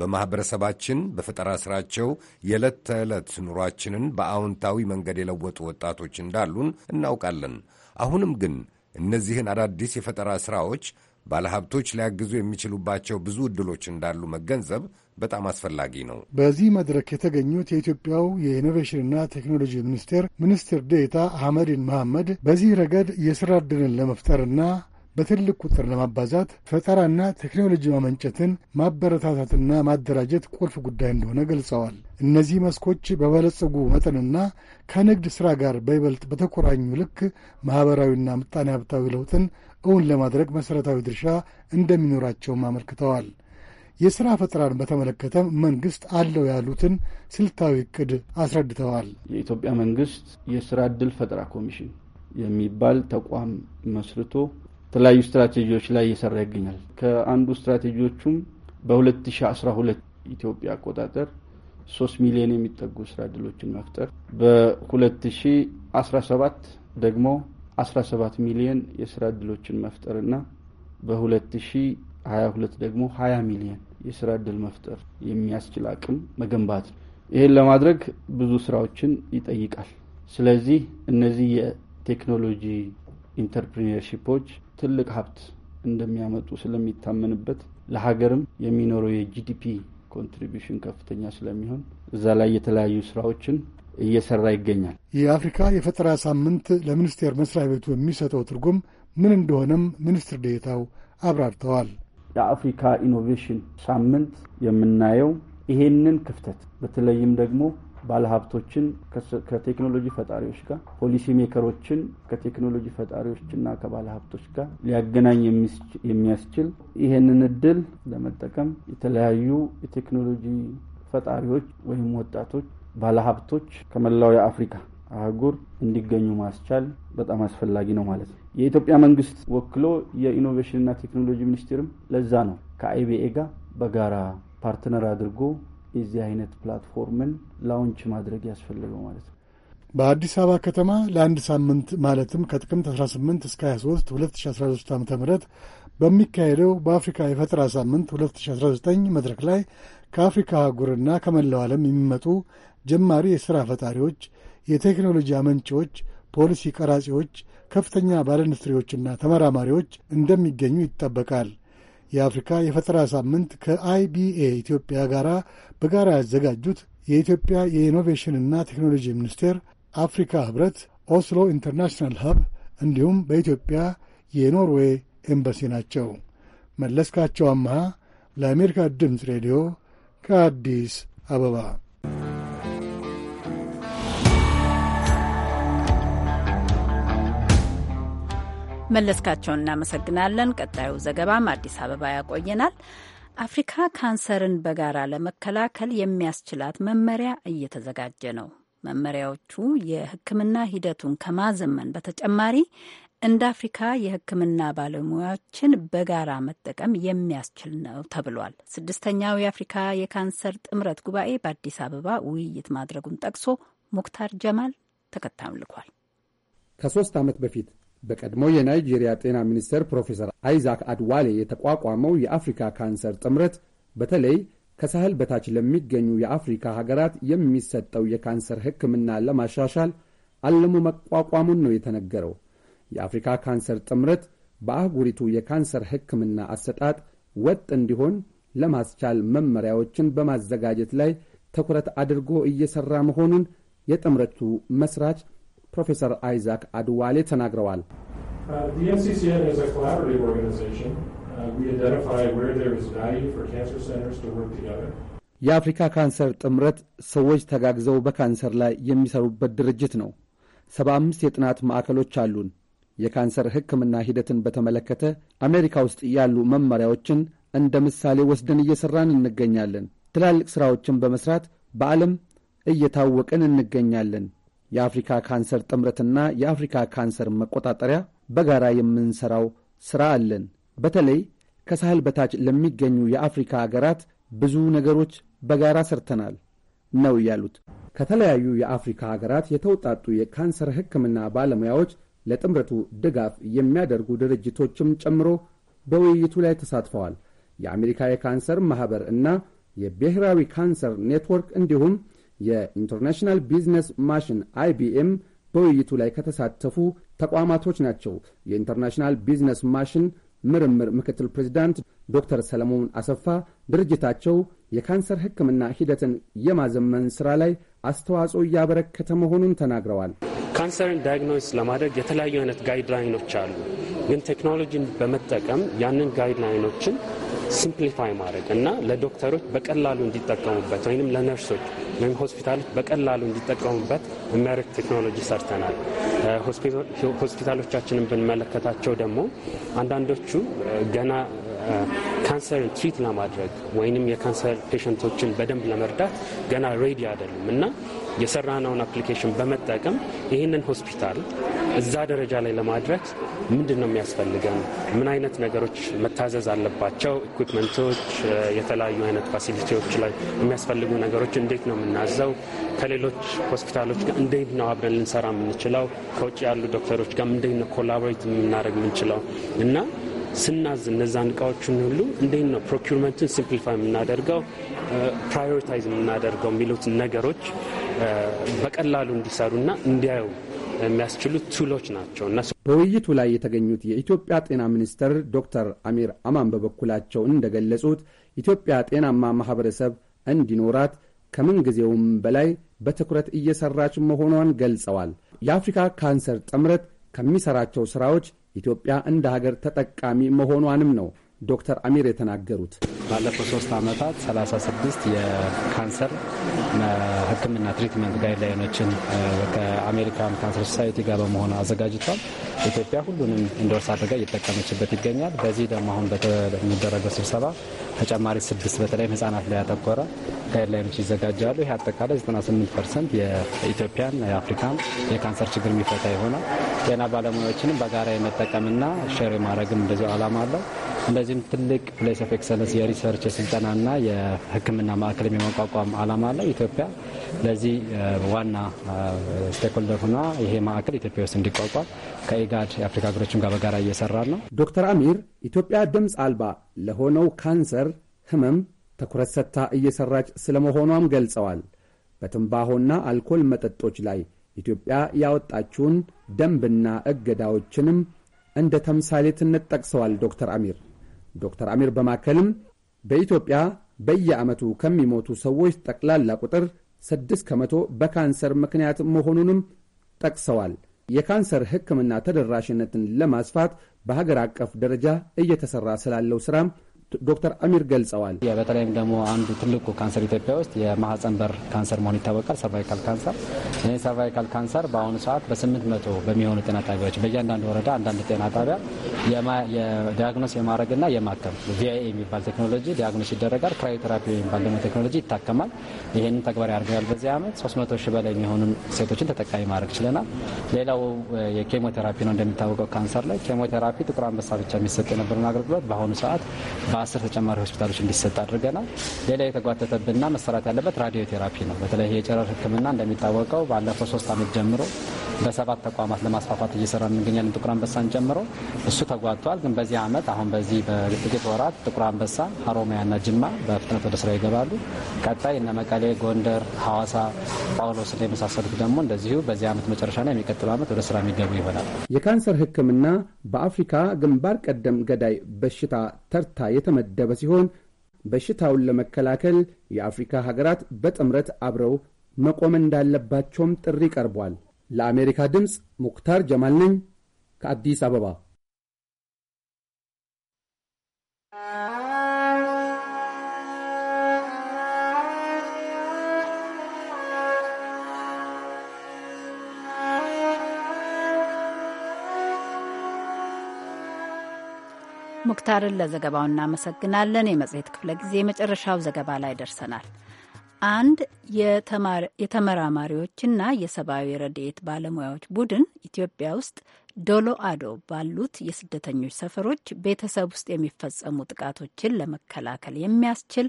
በማኅበረሰባችን በፈጠራ ሥራቸው የዕለት ተዕለት ኑሯችንን በአዎንታዊ መንገድ የለወጡ ወጣቶች እንዳሉን እናውቃለን። አሁንም ግን እነዚህን አዳዲስ የፈጠራ ሥራዎች ባለሀብቶች ሊያግዙ የሚችሉባቸው ብዙ ዕድሎች እንዳሉ መገንዘብ በጣም አስፈላጊ ነው። በዚህ መድረክ የተገኙት የኢትዮጵያው የኢኖቬሽንና ቴክኖሎጂ ሚኒስቴር ሚኒስትር ዴታ አህመዲን መሐመድ በዚህ ረገድ የሥራ ዕድልን ለመፍጠርና በትልቅ ቁጥር ለማባዛት ፈጠራና ቴክኖሎጂ ማመንጨትን ማበረታታትና ማደራጀት ቁልፍ ጉዳይ እንደሆነ ገልጸዋል። እነዚህ መስኮች በበለጸጉ መጠንና ከንግድ ሥራ ጋር በይበልጥ በተኮራኙ ልክ ማኅበራዊና ምጣኔ ሀብታዊ ለውጥን እውን ለማድረግ መሠረታዊ ድርሻ እንደሚኖራቸውም አመልክተዋል። የሥራ ፈጠራን በተመለከተም መንግሥት አለው ያሉትን ስልታዊ ዕቅድ አስረድተዋል። የኢትዮጵያ መንግሥት የሥራ ዕድል ፈጠራ ኮሚሽን የሚባል ተቋም መስርቶ የተለያዩ ስትራቴጂዎች ላይ እየሰራ ይገኛል። ከአንዱ ስትራቴጂዎቹም በ2012 ኢትዮጵያ አቆጣጠር ሶስት ሚሊዮን የሚጠጉ ስራ እድሎችን መፍጠር በ2017 ደግሞ 17 ሚሊዮን የስራ እድሎችን እና በ2022 ደግሞ 20 ሚሊዮን የስራ እድል መፍጠር የሚያስችል አቅም መገንባት ነው። ይህን ለማድረግ ብዙ ስራዎችን ይጠይቃል። ስለዚህ እነዚህ የቴክኖሎጂ ኢንተርፕሪነርሺፖች ትልቅ ሀብት እንደሚያመጡ ስለሚታመንበት ለሀገርም የሚኖረው የጂዲፒ ኮንትሪቢሽን ከፍተኛ ስለሚሆን እዛ ላይ የተለያዩ ስራዎችን እየሰራ ይገኛል። የአፍሪካ የፈጠራ ሳምንት ለሚኒስቴር መስሪያ ቤቱ የሚሰጠው ትርጉም ምን እንደሆነም ሚኒስትር ዴታው አብራርተዋል። የአፍሪካ ኢኖቬሽን ሳምንት የምናየው ይሄንን ክፍተት በተለይም ደግሞ ባለሀብቶችን ከቴክኖሎጂ ፈጣሪዎች ጋር፣ ፖሊሲ ሜከሮችን ከቴክኖሎጂ ፈጣሪዎችና ከባለሀብቶች ጋር ሊያገናኝ የሚያስችል ይህንን እድል ለመጠቀም የተለያዩ የቴክኖሎጂ ፈጣሪዎች ወይም ወጣቶች ባለሀብቶች ከመላው የአፍሪካ አህጉር እንዲገኙ ማስቻል በጣም አስፈላጊ ነው ማለት ነው። የኢትዮጵያ መንግስት ወክሎ የኢኖቬሽንና ቴክኖሎጂ ሚኒስቴርም ለዛ ነው ከአይቢኤ ጋር በጋራ ፓርትነር አድርጎ የዚህ አይነት ፕላትፎርምን ላውንች ማድረግ ያስፈልገው ማለት ነው። በአዲስ አበባ ከተማ ለአንድ ሳምንት ማለትም ከጥቅምት 18 እስከ 23 2013 ዓ ም በሚካሄደው በአፍሪካ የፈጠራ ሳምንት 2019 መድረክ ላይ ከአፍሪካ አህጉርና ከመላው ዓለም የሚመጡ ጀማሪ የሥራ ፈጣሪዎች፣ የቴክኖሎጂ አመንጪዎች፣ ፖሊሲ ቀራጺዎች፣ ከፍተኛ ባለኢንዱስትሪዎችና ተመራማሪዎች እንደሚገኙ ይጠበቃል። የአፍሪካ የፈጠራ ሳምንት ከአይቢኤ ኢትዮጵያ ጋር በጋራ ያዘጋጁት የኢትዮጵያ የኢኖቬሽንና ቴክኖሎጂ ሚኒስቴር፣ አፍሪካ ህብረት፣ ኦስሎ ኢንተርናሽናል ሀብ እንዲሁም በኢትዮጵያ የኖርዌይ ኤምባሲ ናቸው። መለስካቸው አምሃ ለአሜሪካ ድምፅ ሬዲዮ ከአዲስ አበባ መለስካቸውን እናመሰግናለን። ቀጣዩ ዘገባም አዲስ አበባ ያቆየናል። አፍሪካ ካንሰርን በጋራ ለመከላከል የሚያስችላት መመሪያ እየተዘጋጀ ነው። መመሪያዎቹ የሕክምና ሂደቱን ከማዘመን በተጨማሪ እንደ አፍሪካ የሕክምና ባለሙያዎችን በጋራ መጠቀም የሚያስችል ነው ተብሏል። ስድስተኛው የአፍሪካ የካንሰር ጥምረት ጉባኤ በአዲስ አበባ ውይይት ማድረጉን ጠቅሶ ሙክታር ጀማል ተከታዩን ልኳል። ከሶስት ዓመት በፊት በቀድሞ የናይጄሪያ ጤና ሚኒስቴር ፕሮፌሰር አይዛክ አድዋሌ የተቋቋመው የአፍሪካ ካንሰር ጥምረት በተለይ ከሳህል በታች ለሚገኙ የአፍሪካ ሀገራት የሚሰጠው የካንሰር ሕክምና ለማሻሻል አለሙ መቋቋሙን ነው የተነገረው። የአፍሪካ ካንሰር ጥምረት በአህጉሪቱ የካንሰር ሕክምና አሰጣጥ ወጥ እንዲሆን ለማስቻል መመሪያዎችን በማዘጋጀት ላይ ትኩረት አድርጎ እየሠራ መሆኑን የጥምረቱ መሥራች ፕሮፌሰር አይዛክ አድዋሌ ተናግረዋል። uh, uh, የአፍሪካ ካንሰር ጥምረት ሰዎች ተጋግዘው በካንሰር ላይ የሚሰሩበት ድርጅት ነው። ሰባ አምስት የጥናት ማዕከሎች አሉን። የካንሰር ሕክምና ሂደትን በተመለከተ አሜሪካ ውስጥ ያሉ መመሪያዎችን እንደ ምሳሌ ወስደን እየሠራን እንገኛለን። ትላልቅ ሥራዎችን በመሥራት በዓለም እየታወቅን እንገኛለን። የአፍሪካ ካንሰር ጥምረትና የአፍሪካ ካንሰር መቆጣጠሪያ በጋራ የምንሰራው ሥራ አለን። በተለይ ከሳህል በታች ለሚገኙ የአፍሪካ አገራት ብዙ ነገሮች በጋራ ሰርተናል ነው ያሉት። ከተለያዩ የአፍሪካ ሀገራት የተውጣጡ የካንሰር ሕክምና ባለሙያዎች ለጥምረቱ ድጋፍ የሚያደርጉ ድርጅቶችም ጨምሮ በውይይቱ ላይ ተሳትፈዋል። የአሜሪካ የካንሰር ማኅበር እና የብሔራዊ ካንሰር ኔትወርክ እንዲሁም የኢንተርናሽናል ቢዝነስ ማሽን አይቢኤም በውይይቱ ላይ ከተሳተፉ ተቋማቶች ናቸው። የኢንተርናሽናል ቢዝነስ ማሽን ምርምር ምክትል ፕሬዚዳንት ዶክተር ሰለሞን አሰፋ ድርጅታቸው የካንሰር ሕክምና ሂደትን የማዘመን ስራ ላይ አስተዋጽኦ እያበረከተ መሆኑን ተናግረዋል። ካንሰርን ዳያግኖስ ለማድረግ የተለያዩ አይነት ጋይድላይኖች አሉ። ግን ቴክኖሎጂን በመጠቀም ያንን ጋይድላይኖችን ሲምፕሊፋይ ማድረግ እና ለዶክተሮች በቀላሉ እንዲጠቀሙበት ወይም ለነርሶች ሆስፒታሎች በቀላሉ እንዲጠቀሙበት የሚያደርግ ቴክኖሎጂ ሰርተናል። ሆስፒታሎቻችንን ብንመለከታቸው ደግሞ አንዳንዶቹ ገና ካንሰርን ትሪት ለማድረግ ወይንም የካንሰር ፔሸንቶችን በደንብ ለመርዳት ገና ሬዲ አይደሉም እና የሰራነውን አፕሊኬሽን በመጠቀም ይህንን ሆስፒታል እዛ ደረጃ ላይ ለማድረግ ምንድን ነው የሚያስፈልገን፣ ምን አይነት ነገሮች መታዘዝ አለባቸው፣ ኢኩፕመንቶች፣ የተለያዩ አይነት ፋሲሊቲዎች ላይ የሚያስፈልጉ ነገሮች እንዴት ነው የምናዘው፣ ከሌሎች ሆስፒታሎች ጋር እንዴት ነው አብረን ልንሰራ የምንችለው፣ ከውጭ ያሉ ዶክተሮች ጋር እንዴት ነው ኮላቦሬት የምናደርግ የምንችለው እና ስናዝ እነዛን እቃዎችን ሁሉ እንዴት ነው ፕሮኪርመንትን ሲምፕሊፋይ የምናደርገው፣ ፕራዮሪታይዝ የምናደርገው የሚሉት ነገሮች በቀላሉ እንዲሰሩና እንዲያዩ የሚያስችሉ ቱሎች ናቸው እና በውይይቱ ላይ የተገኙት የኢትዮጵያ ጤና ሚኒስትር ዶክተር አሚር አማን በበኩላቸው እንደገለጹት ኢትዮጵያ ጤናማ ማህበረሰብ እንዲኖራት ከምንጊዜውም በላይ በትኩረት እየሰራች መሆኗን ገልጸዋል። የአፍሪካ ካንሰር ጥምረት ከሚሰራቸው ስራዎች ኢትዮጵያ እንደ ሀገር ተጠቃሚ መሆኗንም ነው ዶክተር አሚር የተናገሩት ባለፈው ሶስት ዓመታት 36 የካንሰር ሕክምና ትሪትመንት ጋይድላይኖችን ከአሜሪካን ካንሰር ሶሳይቲ ጋር በመሆኑ አዘጋጅቷል። ኢትዮጵያ ሁሉንም እንደወርስ አድርጋ እየጠቀመችበት ይገኛል። በዚህ ደግሞ አሁን በሚደረገው ስብሰባ ተጨማሪ ስድስት በተለይም ህጻናት ላይ ያተኮረ ጋይድላይኖች ይዘጋጃሉ። ይህ አጠቃላይ 98 ፐርሰንት የኢትዮጵያን የአፍሪካን የካንሰር ችግር የሚፈታ የሆነ ጤና ባለሙያዎችንም በጋራ የመጠቀምና ሼር የማድረግም እንደዚሁ አላማ አለው። እንደዚህም ትልቅ ፕሌስ ኦፍ ኤክሰለንስ የሪሰርች የስልጠናና የህክምና ማዕከልም የማቋቋም አላማ አለው። ኢትዮጵያ ለዚህ ዋና ስቴክሆልደር ሆና ይሄ ማዕከል ኢትዮጵያ ውስጥ እንዲቋቋም ከኢጋድ የአፍሪካ ሀገሮችም ጋር በጋራ እየሰራ ነው። ዶክተር አሚር ኢትዮጵያ ድምፅ አልባ ለሆነው ካንሰር ህመም ትኩረት ሰጥታ እየሰራች ስለመሆኗም ገልጸዋል። በትንባሆና አልኮል መጠጦች ላይ ኢትዮጵያ ያወጣችውን ደንብና እገዳዎችንም እንደ ተምሳሌትነት ጠቅሰዋል ዶክተር አሚር። ዶክተር አሚር በማከልም በኢትዮጵያ በየዓመቱ ከሚሞቱ ሰዎች ጠቅላላ ቁጥር ስድስት ከመቶ በካንሰር ምክንያት መሆኑንም ጠቅሰዋል። የካንሰር ሕክምና ተደራሽነትን ለማስፋት በሀገር አቀፍ ደረጃ እየተሰራ ስላለው ስራም ዶክተር አሚር ገልጸዋል። በተለይም ደግሞ አንዱ ትልቁ ካንሰር ኢትዮጵያ ውስጥ የማህፀን በር ካንሰር መሆን ይታወቃል። ሰርቫይካል ካንሰር። ይህ ሰርቫይካል ካንሰር በአሁኑ ሰዓት በስምንት መቶ በሚሆኑ ጤና ጣቢያዎች በእያንዳንዱ ወረዳ አንዳንድ ጤና ጣቢያ ዲያግኖስ የማድረግና የማከም ቪአይኤ የሚባል ቴክኖሎጂ ዲያግኖስ ይደረጋል። ክራዮቴራፒ የሚባል ደግሞ ቴክኖሎጂ ይታከማል። ይህንን ተግባር ያድርገናል። በዚህ ዓመት 300 ሺህ በላይ የሚሆኑ ሴቶችን ተጠቃሚ ማድረግ ችለናል። ሌላው የኬሞቴራፒ ነው። እንደሚታወቀው ካንሰር ላይ ኬሞቴራፒ ጥቁር አንበሳ ብቻ የሚሰጥ የነበረውን አገልግሎት በአሁኑ ሰዓት ከአስር ተጨማሪ ሆስፒታሎች እንዲሰጥ አድርገናል። ሌላ የተጓተተብንና መሰራት ያለበት ራዲዮ ቴራፒ ነው። በተለይ የጨረር ሕክምና እንደሚታወቀው ባለፈው ሶስት ዓመት ጀምሮ በሰባት ተቋማት ለማስፋፋት እየሰራ እንገኛለን። ጥቁር አንበሳን ጨምሮ እሱ ተጓቷል። ግን በዚህ ዓመት አሁን በዚህ በጥቂት ወራት ጥቁር አንበሳ፣ ሀሮማያና ጅማ በፍጥነት ወደ ስራ ይገባሉ። ቀጣይ እነ መቀሌ፣ ጎንደር፣ ሐዋሳ፣ ጳውሎስና የመሳሰሉት ደግሞ እንደዚሁ በዚህ ዓመት መጨረሻና የሚቀጥለው ዓመት ወደ ስራ የሚገቡ ይሆናል። የካንሰር ሕክምና በአፍሪካ ግንባር ቀደም ገዳይ በሽታ ተርታ የተመደበ ሲሆን በሽታውን ለመከላከል የአፍሪካ ሀገራት በጥምረት አብረው መቆም እንዳለባቸውም ጥሪ ቀርቧል። ለአሜሪካ ድምፅ ሙክታር ጀማል ነኝ ከአዲስ አበባ። ሙክታርን ለዘገባው እናመሰግናለን። የመጽሔት ክፍለ ጊዜ መጨረሻው ዘገባ ላይ ደርሰናል። አንድ የተመራማሪዎችና የሰብአዊ ረድኤት ባለሙያዎች ቡድን ኢትዮጵያ ውስጥ ዶሎ አዶ ባሉት የስደተኞች ሰፈሮች ቤተሰብ ውስጥ የሚፈጸሙ ጥቃቶችን ለመከላከል የሚያስችል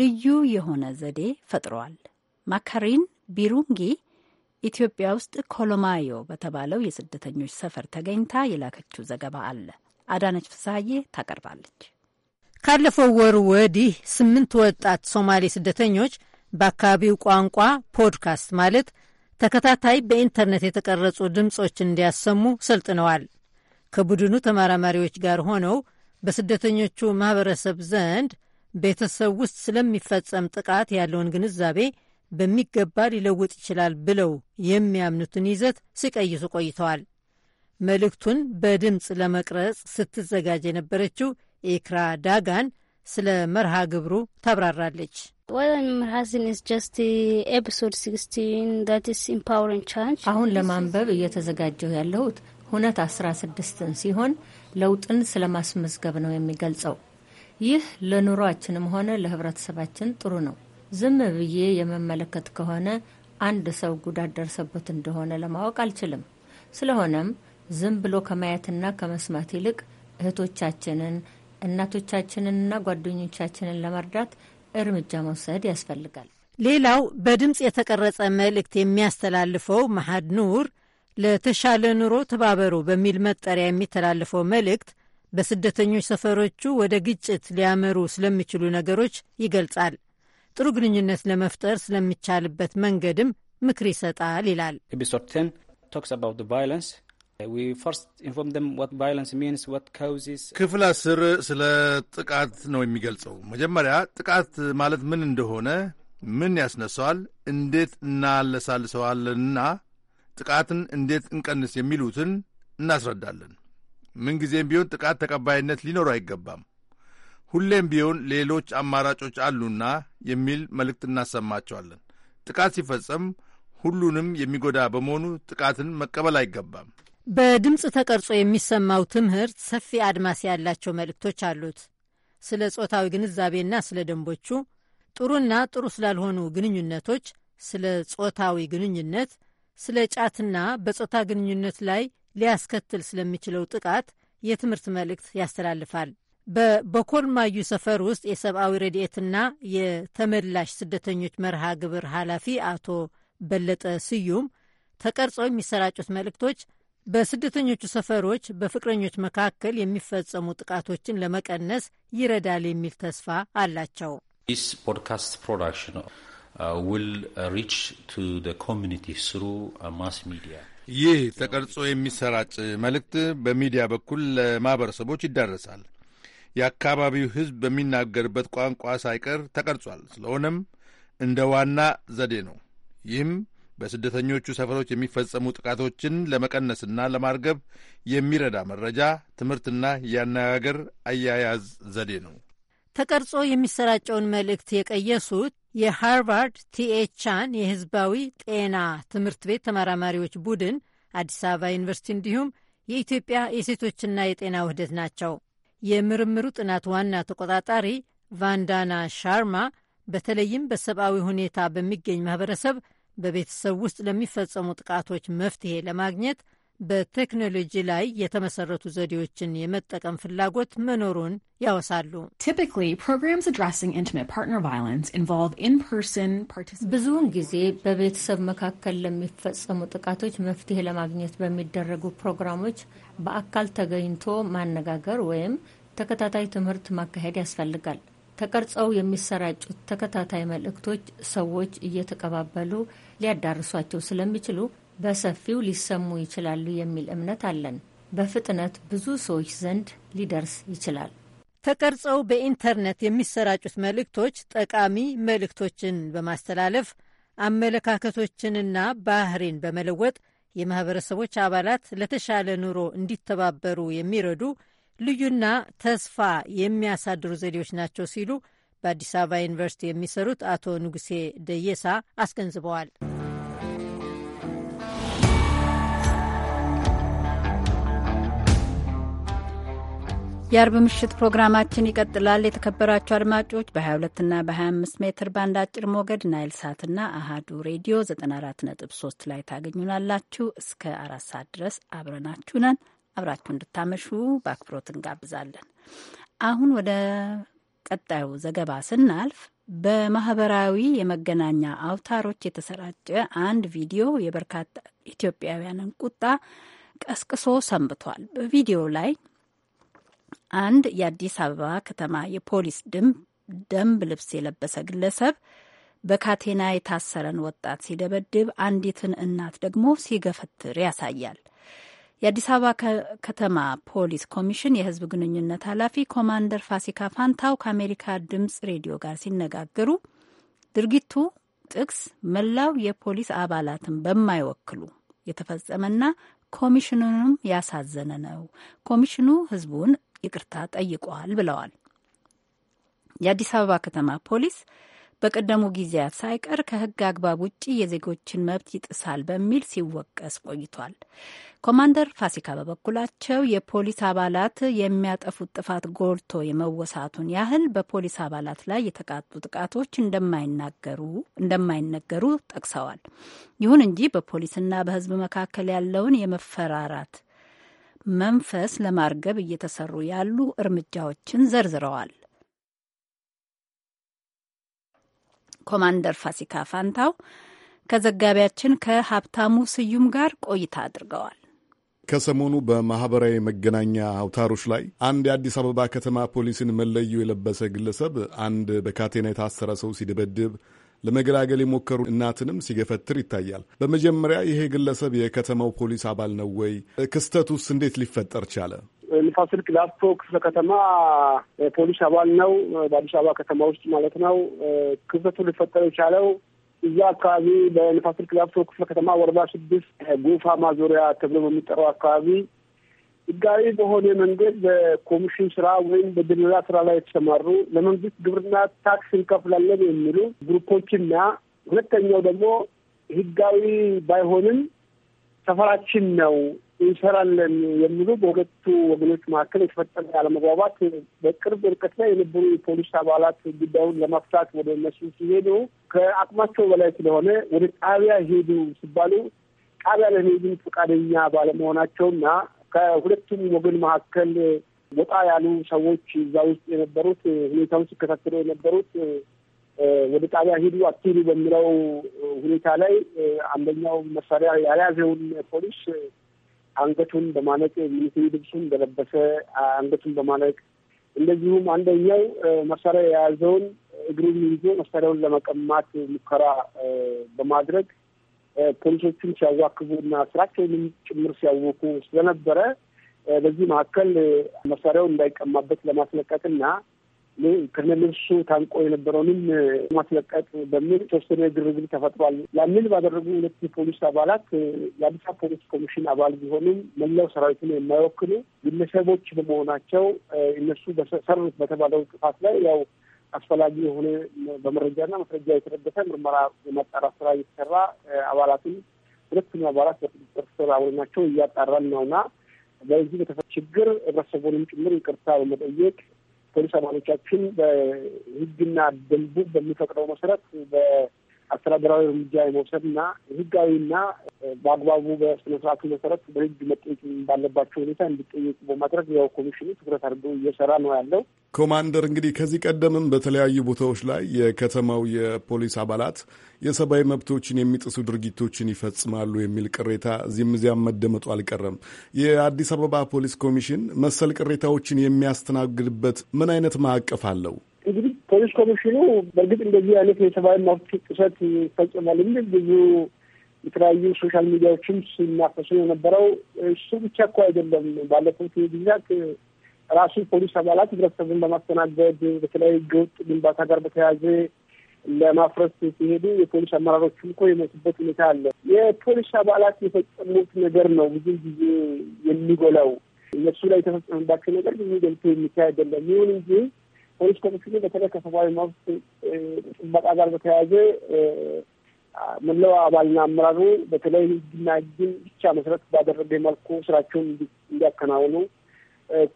ልዩ የሆነ ዘዴ ፈጥሯል። ማካሪን ቢሩንጊ ኢትዮጵያ ውስጥ ኮሎማዮ በተባለው የስደተኞች ሰፈር ተገኝታ የላከችው ዘገባ አለ። አዳነች ፍስሐዬ ታቀርባለች። ካለፈው ወር ወዲህ ስምንት ወጣት ሶማሌ ስደተኞች በአካባቢው ቋንቋ ፖድካስት ማለት ተከታታይ በኢንተርኔት የተቀረጹ ድምፆች እንዲያሰሙ ሰልጥነዋል። ከቡድኑ ተመራማሪዎች ጋር ሆነው በስደተኞቹ ማህበረሰብ ዘንድ ቤተሰብ ውስጥ ስለሚፈጸም ጥቃት ያለውን ግንዛቤ በሚገባ ሊለውጥ ይችላል ብለው የሚያምኑትን ይዘት ሲቀይሱ ቆይተዋል። መልእክቱን በድምፅ ለመቅረጽ ስትዘጋጅ የነበረችው ኤክራ ዳጋን ስለ መርሃ ግብሩ ታብራራለች። አሁን ለማንበብ እየተዘጋጀው ያለሁት ሁነት 16ን ሲሆን ለውጥን ስለማስመዝገብ ነው የሚገልጸው። ይህ ለኑሯችንም ሆነ ለህብረተሰባችን ጥሩ ነው። ዝም ብዬ የመመለከት ከሆነ አንድ ሰው ጉዳት ደርሰበት እንደሆነ ለማወቅ አልችልም። ስለሆነም ዝም ብሎ ከማየትና ከመስማት ይልቅ እህቶቻችንን፣ እናቶቻችንንና ጓደኞቻችንን ለመርዳት እርምጃ መውሰድ ያስፈልጋል። ሌላው በድምፅ የተቀረጸ መልእክት የሚያስተላልፈው መሐድ ኑር ለተሻለ ኑሮ ተባበሩ በሚል መጠሪያ የሚተላለፈው መልእክት በስደተኞች ሰፈሮቹ ወደ ግጭት ሊያመሩ ስለሚችሉ ነገሮች ይገልጻል። ጥሩ ግንኙነት ለመፍጠር ስለሚቻልበት መንገድም ምክር ይሰጣል ይላል። ክፍል አስር ስለ ጥቃት ነው የሚገልጸው። መጀመሪያ ጥቃት ማለት ምን እንደሆነ፣ ምን ያስነሳዋል፣ እንዴት እናለሳልሰዋለንና ጥቃትን እንዴት እንቀንስ የሚሉትን እናስረዳለን። ምንጊዜም ቢሆን ጥቃት ተቀባይነት ሊኖረው አይገባም። ሁሌም ቢሆን ሌሎች አማራጮች አሉና የሚል መልእክት እናሰማቸዋለን። ጥቃት ሲፈጸም ሁሉንም የሚጎዳ በመሆኑ ጥቃትን መቀበል አይገባም። በድምፅ ተቀርጾ የሚሰማው ትምህርት ሰፊ አድማስ ያላቸው መልእክቶች አሉት። ስለ ጾታዊ ግንዛቤና ስለ ደንቦቹ፣ ጥሩና ጥሩ ስላልሆኑ ግንኙነቶች፣ ስለ ጾታዊ ግንኙነት፣ ስለ ጫትና በጾታ ግንኙነት ላይ ሊያስከትል ስለሚችለው ጥቃት የትምህርት መልእክት ያስተላልፋል። በበኮልማዩ ሰፈር ውስጥ የሰብአዊ ረድኤትና የተመላሽ ስደተኞች መርሃ ግብር ኃላፊ አቶ በለጠ ስዩም ተቀርጾ የሚሰራጩት መልእክቶች በስደተኞቹ ሰፈሮች በፍቅረኞች መካከል የሚፈጸሙ ጥቃቶችን ለመቀነስ ይረዳል የሚል ተስፋ አላቸው። ዲስ ፖድካስት ፕሮዳክሽን ውል ሪች ቱ ኮሚኒቲ ስሩ ማስ ሚዲያ ይህ ተቀርጾ የሚሰራጭ መልእክት በሚዲያ በኩል ለማህበረሰቦች ይዳረሳል። የአካባቢው ሕዝብ በሚናገርበት ቋንቋ ሳይቀር ተቀርጿል። ስለሆነም እንደ ዋና ዘዴ ነው። ይህም በስደተኞቹ ሰፈሮች የሚፈጸሙ ጥቃቶችን ለመቀነስና ለማርገብ የሚረዳ መረጃ፣ ትምህርትና የአነጋገር አያያዝ ዘዴ ነው። ተቀርጾ የሚሰራጨውን መልእክት የቀየሱት የሃርቫርድ ቲኤቻን የሕዝባዊ ጤና ትምህርት ቤት ተመራማሪዎች ቡድን አዲስ አበባ ዩኒቨርሲቲ እንዲሁም የኢትዮጵያ የሴቶችና የጤና ውህደት ናቸው። የምርምሩ ጥናት ዋና ተቆጣጣሪ ቫንዳና ሻርማ በተለይም በሰብአዊ ሁኔታ በሚገኝ ማህበረሰብ በቤተሰብ ውስጥ ለሚፈጸሙ ጥቃቶች መፍትሄ ለማግኘት በቴክኖሎጂ ላይ የተመሰረቱ ዘዴዎችን የመጠቀም ፍላጎት መኖሩን ያወሳሉ። ብዙውን ጊዜ በቤተሰብ መካከል ለሚፈጸሙ ጥቃቶች መፍትሄ ለማግኘት በሚደረጉ ፕሮግራሞች በአካል ተገኝቶ ማነጋገር ወይም ተከታታይ ትምህርት ማካሄድ ያስፈልጋል። ተቀርጸው የሚሰራጩት ተከታታይ መልእክቶች ሰዎች እየተቀባበሉ ሊያዳርሷቸው ስለሚችሉ በሰፊው ሊሰሙ ይችላሉ የሚል እምነት አለን። በፍጥነት ብዙ ሰዎች ዘንድ ሊደርስ ይችላል። ተቀርጸው በኢንተርኔት የሚሰራጩት መልእክቶች ጠቃሚ መልእክቶችን በማስተላለፍ አመለካከቶችንና ባህሪን በመለወጥ የማህበረሰቦች አባላት ለተሻለ ኑሮ እንዲተባበሩ የሚረዱ ልዩና ተስፋ የሚያሳድሩ ዘዴዎች ናቸው ሲሉ በአዲስ አበባ ዩኒቨርሲቲ የሚሰሩት አቶ ንጉሴ ደየሳ አስገንዝበዋል። የአርብ ምሽት ፕሮግራማችን ይቀጥላል። የተከበራችሁ አድማጮች በ22 እና በ25 ሜትር ባንድ አጭር ሞገድ ናይል ሳትና አሃዱ ሬዲዮ 94.3 ላይ ታገኙናላችሁ። እስከ አራት ሰዓት ድረስ አብረናችሁ ነን። አብራችሁ እንድታመሹ በአክብሮት እንጋብዛለን። አሁን ወደ ቀጣዩ ዘገባ ስናልፍ በማህበራዊ የመገናኛ አውታሮች የተሰራጨ አንድ ቪዲዮ የበርካታ ኢትዮጵያውያንን ቁጣ ቀስቅሶ ሰንብቷል። በቪዲዮው ላይ አንድ የአዲስ አበባ ከተማ የፖሊስ ደንብ ልብስ የለበሰ ግለሰብ በካቴና የታሰረን ወጣት ሲደበድብ፣ አንዲትን እናት ደግሞ ሲገፈትር ያሳያል። የአዲስ አበባ ከተማ ፖሊስ ኮሚሽን የህዝብ ግንኙነት ኃላፊ ኮማንደር ፋሲካ ፋንታው ከአሜሪካ ድምፅ ሬዲዮ ጋር ሲነጋገሩ ድርጊቱ ጥቅስ መላው የፖሊስ አባላትን በማይወክሉ የተፈጸመና ኮሚሽኑንም ያሳዘነ ነው። ኮሚሽኑ ህዝቡን ይቅርታ ጠይቋል ብለዋል። የአዲስ አበባ ከተማ ፖሊስ በቀደሙ ጊዜያት ሳይቀር ከህግ አግባብ ውጭ የዜጎችን መብት ይጥሳል በሚል ሲወቀስ ቆይቷል። ኮማንደር ፋሲካ በበኩላቸው የፖሊስ አባላት የሚያጠፉት ጥፋት ጎልቶ የመወሳቱን ያህል በፖሊስ አባላት ላይ የተቃጡ ጥቃቶች እንደማይነገሩ ጠቅሰዋል። ይሁን እንጂ በፖሊስና በህዝብ መካከል ያለውን የመፈራራት መንፈስ ለማርገብ እየተሰሩ ያሉ እርምጃዎችን ዘርዝረዋል። ኮማንደር ፋሲካ ፋንታው ከዘጋቢያችን ከሀብታሙ ስዩም ጋር ቆይታ አድርገዋል። ከሰሞኑ በማህበራዊ መገናኛ አውታሮች ላይ አንድ የአዲስ አበባ ከተማ ፖሊስን መለዩ የለበሰ ግለሰብ አንድ በካቴና የታሰረ ሰው ሲደበድብ ለመገላገል የሞከሩ እናትንም ሲገፈትር ይታያል። በመጀመሪያ ይሄ ግለሰብ የከተማው ፖሊስ አባል ነው ወይ? ክስተት ውስጥ እንዴት ሊፈጠር ቻለ? ንፋስ ስልክ ላፍቶ ክፍለ ከተማ ፖሊስ አባል ነው። በአዲስ አበባ ከተማ ውስጥ ማለት ነው። ክፍተቱ ሊፈጠር የቻለው እዛ አካባቢ በንፋስ ስልክ ላፍቶ ክፍለ ከተማ ወረዳ ስድስት ጉፋ ማዞሪያ ተብሎ በሚጠራው አካባቢ ህጋዊ በሆነ መንገድ በኮሚሽን ስራ ወይም በድለላ ስራ ላይ የተሰማሩ ለመንግስት ግብርና ታክስ እንከፍላለን የሚሉ ግሩፖችና ሁለተኛው ደግሞ ህጋዊ ባይሆንም ሰፈራችን ነው እንሰራለን የሚሉ በሁለቱ ወገኖች መካከል የተፈጠረ ያለመግባባት በቅርብ ርቀት ላይ የነበሩ የፖሊስ አባላት ጉዳዩን ለመፍታት ወደ እነሱ ሲሄዱ ከአቅማቸው በላይ ስለሆነ ወደ ጣቢያ ሄዱ ሲባሉ ጣቢያ ለመሄድ ፈቃደኛ ባለመሆናቸውና ከሁለቱም ወገን መካከል ወጣ ያሉ ሰዎች እዛ ውስጥ የነበሩት ሁኔታውን ሲከታተሉ የነበሩት ወደ ጣቢያ ሂዱ አትሂዱ በሚለው ሁኔታ ላይ አንደኛው መሳሪያ ያልያዘውን ፖሊስ አንገቱን በማነቅ ሚሊተሪ ልብሱን በለበሰ አንገቱን በማነቅ እንደዚሁም አንደኛው መሳሪያ የያዘውን እግሩን ይዞ መሳሪያውን ለመቀማት ሙከራ በማድረግ ፖሊሶቹን ሲያዋክቡና ስራቸውንም ጭምር ሲያወቁ ስለነበረ በዚህ መካከል መሳሪያው እንዳይቀማበት ለማስለቀቅና ከነልብሱ ታንቆ የነበረውንም ማስለቀቅ በሚል ተወሰነ ግርግር ተፈጥሯል። ያንን ባደረጉ ሁለት የፖሊስ አባላት የአዲስ አበባ ፖሊስ ኮሚሽን አባል ቢሆንም መላው ሰራዊትን የማይወክሉ ግለሰቦች በመሆናቸው እነሱ በሰሩት በተባለው ጥፋት ላይ ያው አስፈላጊ የሆነ በመረጃና ማስረጃ የተደገፈ ምርመራ የማጣራት ስራ እየተሰራ አባላትን ሁለቱም አባላት በቁጥጥር ስር አውለናቸው እያጣራን ነውና በዚህ በተፈ ችግር ህብረተሰቡንም ጭምር ይቅርታ በመጠየቅ ፖሊስ አባሎቻችን በህግና ደንቡ በሚፈቅደው መሰረት አስተዳደራዊ እርምጃ የመውሰድና ህጋዊና በአግባቡ በስነ ስርዓቱ መሰረት በህግ መጠየቅ ባለባቸው ሁኔታ እንዲጠየቁ በማድረግ ያው ኮሚሽኑ ትኩረት አድርጎ እየሰራ ነው ያለው። ኮማንደር እንግዲህ ከዚህ ቀደምም በተለያዩ ቦታዎች ላይ የከተማው የፖሊስ አባላት የሰብአዊ መብቶችን የሚጥሱ ድርጊቶችን ይፈጽማሉ የሚል ቅሬታ እዚህም እዚያም መደመጡ አልቀረም። የአዲስ አበባ ፖሊስ ኮሚሽን መሰል ቅሬታዎችን የሚያስተናግድበት ምን አይነት ማዕቀፍ አለው? ፖሊስ ኮሚሽኑ በእርግጥ እንደዚህ አይነት የሰብአዊ መብት ጥሰት ይፈጽማል የሚል ብዙ የተለያዩ ሶሻል ሚዲያዎችም ሲናፈሱ የነበረው እሱ ብቻ እኮ አይደለም። ባለፉት ጊዜያት ራሱ ፖሊስ አባላት ህብረተሰብን ለማስተናገድ በተለያዩ ህገወጥ ግንባታ ጋር በተያያዘ ለማፍረስ ሲሄዱ የፖሊስ አመራሮች እኮ የሞቱበት ሁኔታ አለ። የፖሊስ አባላት የፈጸሙት ነገር ነው ብዙ ጊዜ የሚጎላው እነሱ ላይ የተፈጸመባቸው ነገር ብዙ ገልቶ የሚታይ አይደለም። ይሁን እንጂ ፖሊስ ኮሚሽኑ በተለይ ከሰብአዊ መብት ጥበቃ ጋር በተያያዘ መላው አባልና አመራሩ በተለይ ሕግና ሕግን ብቻ መሰረት ባደረገ መልኩ ስራቸውን እንዲያከናውኑ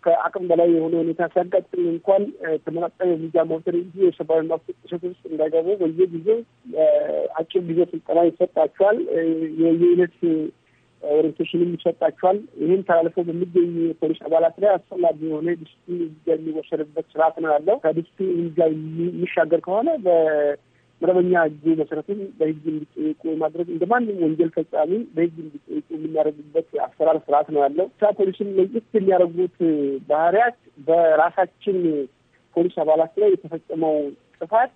ከአቅም በላይ የሆነ ሁኔታ ሲያጋጥም እንኳን ተመጣጣኝ እርምጃ መውሰድ እንጂ የሰብአዊ መብት ጥሰት ውስጥ እንዳይገቡ በየጊዜው አጭር ጊዜ ስልጠና ይሰጣቸዋል። የየዕለት ኦሪንቴሽን ይሰጣቸዋል። ይህን ተላልፎ በሚገኙ የፖሊስ አባላት ላይ አስፈላጊ የሆነ ዲስፕሊን እርምጃ የሚወሰድበት ስርዓት ነው ያለው። ከዲስፕሊን እርምጃ የሚሻገር ከሆነ በመደበኛ ሕጉ መሰረትም በህግ እንዲጠይቁ ማድረግ እንደ ማንም ወንጀል ፈጻሚ በህግ እንዲጠይቁ የምናደርግበት አሰራር ስርዓት ነው ያለው። ሳ ፖሊስም ለየት የሚያደርጉት ባህሪያት በራሳችን ፖሊስ አባላት ላይ የተፈጸመው ጥፋት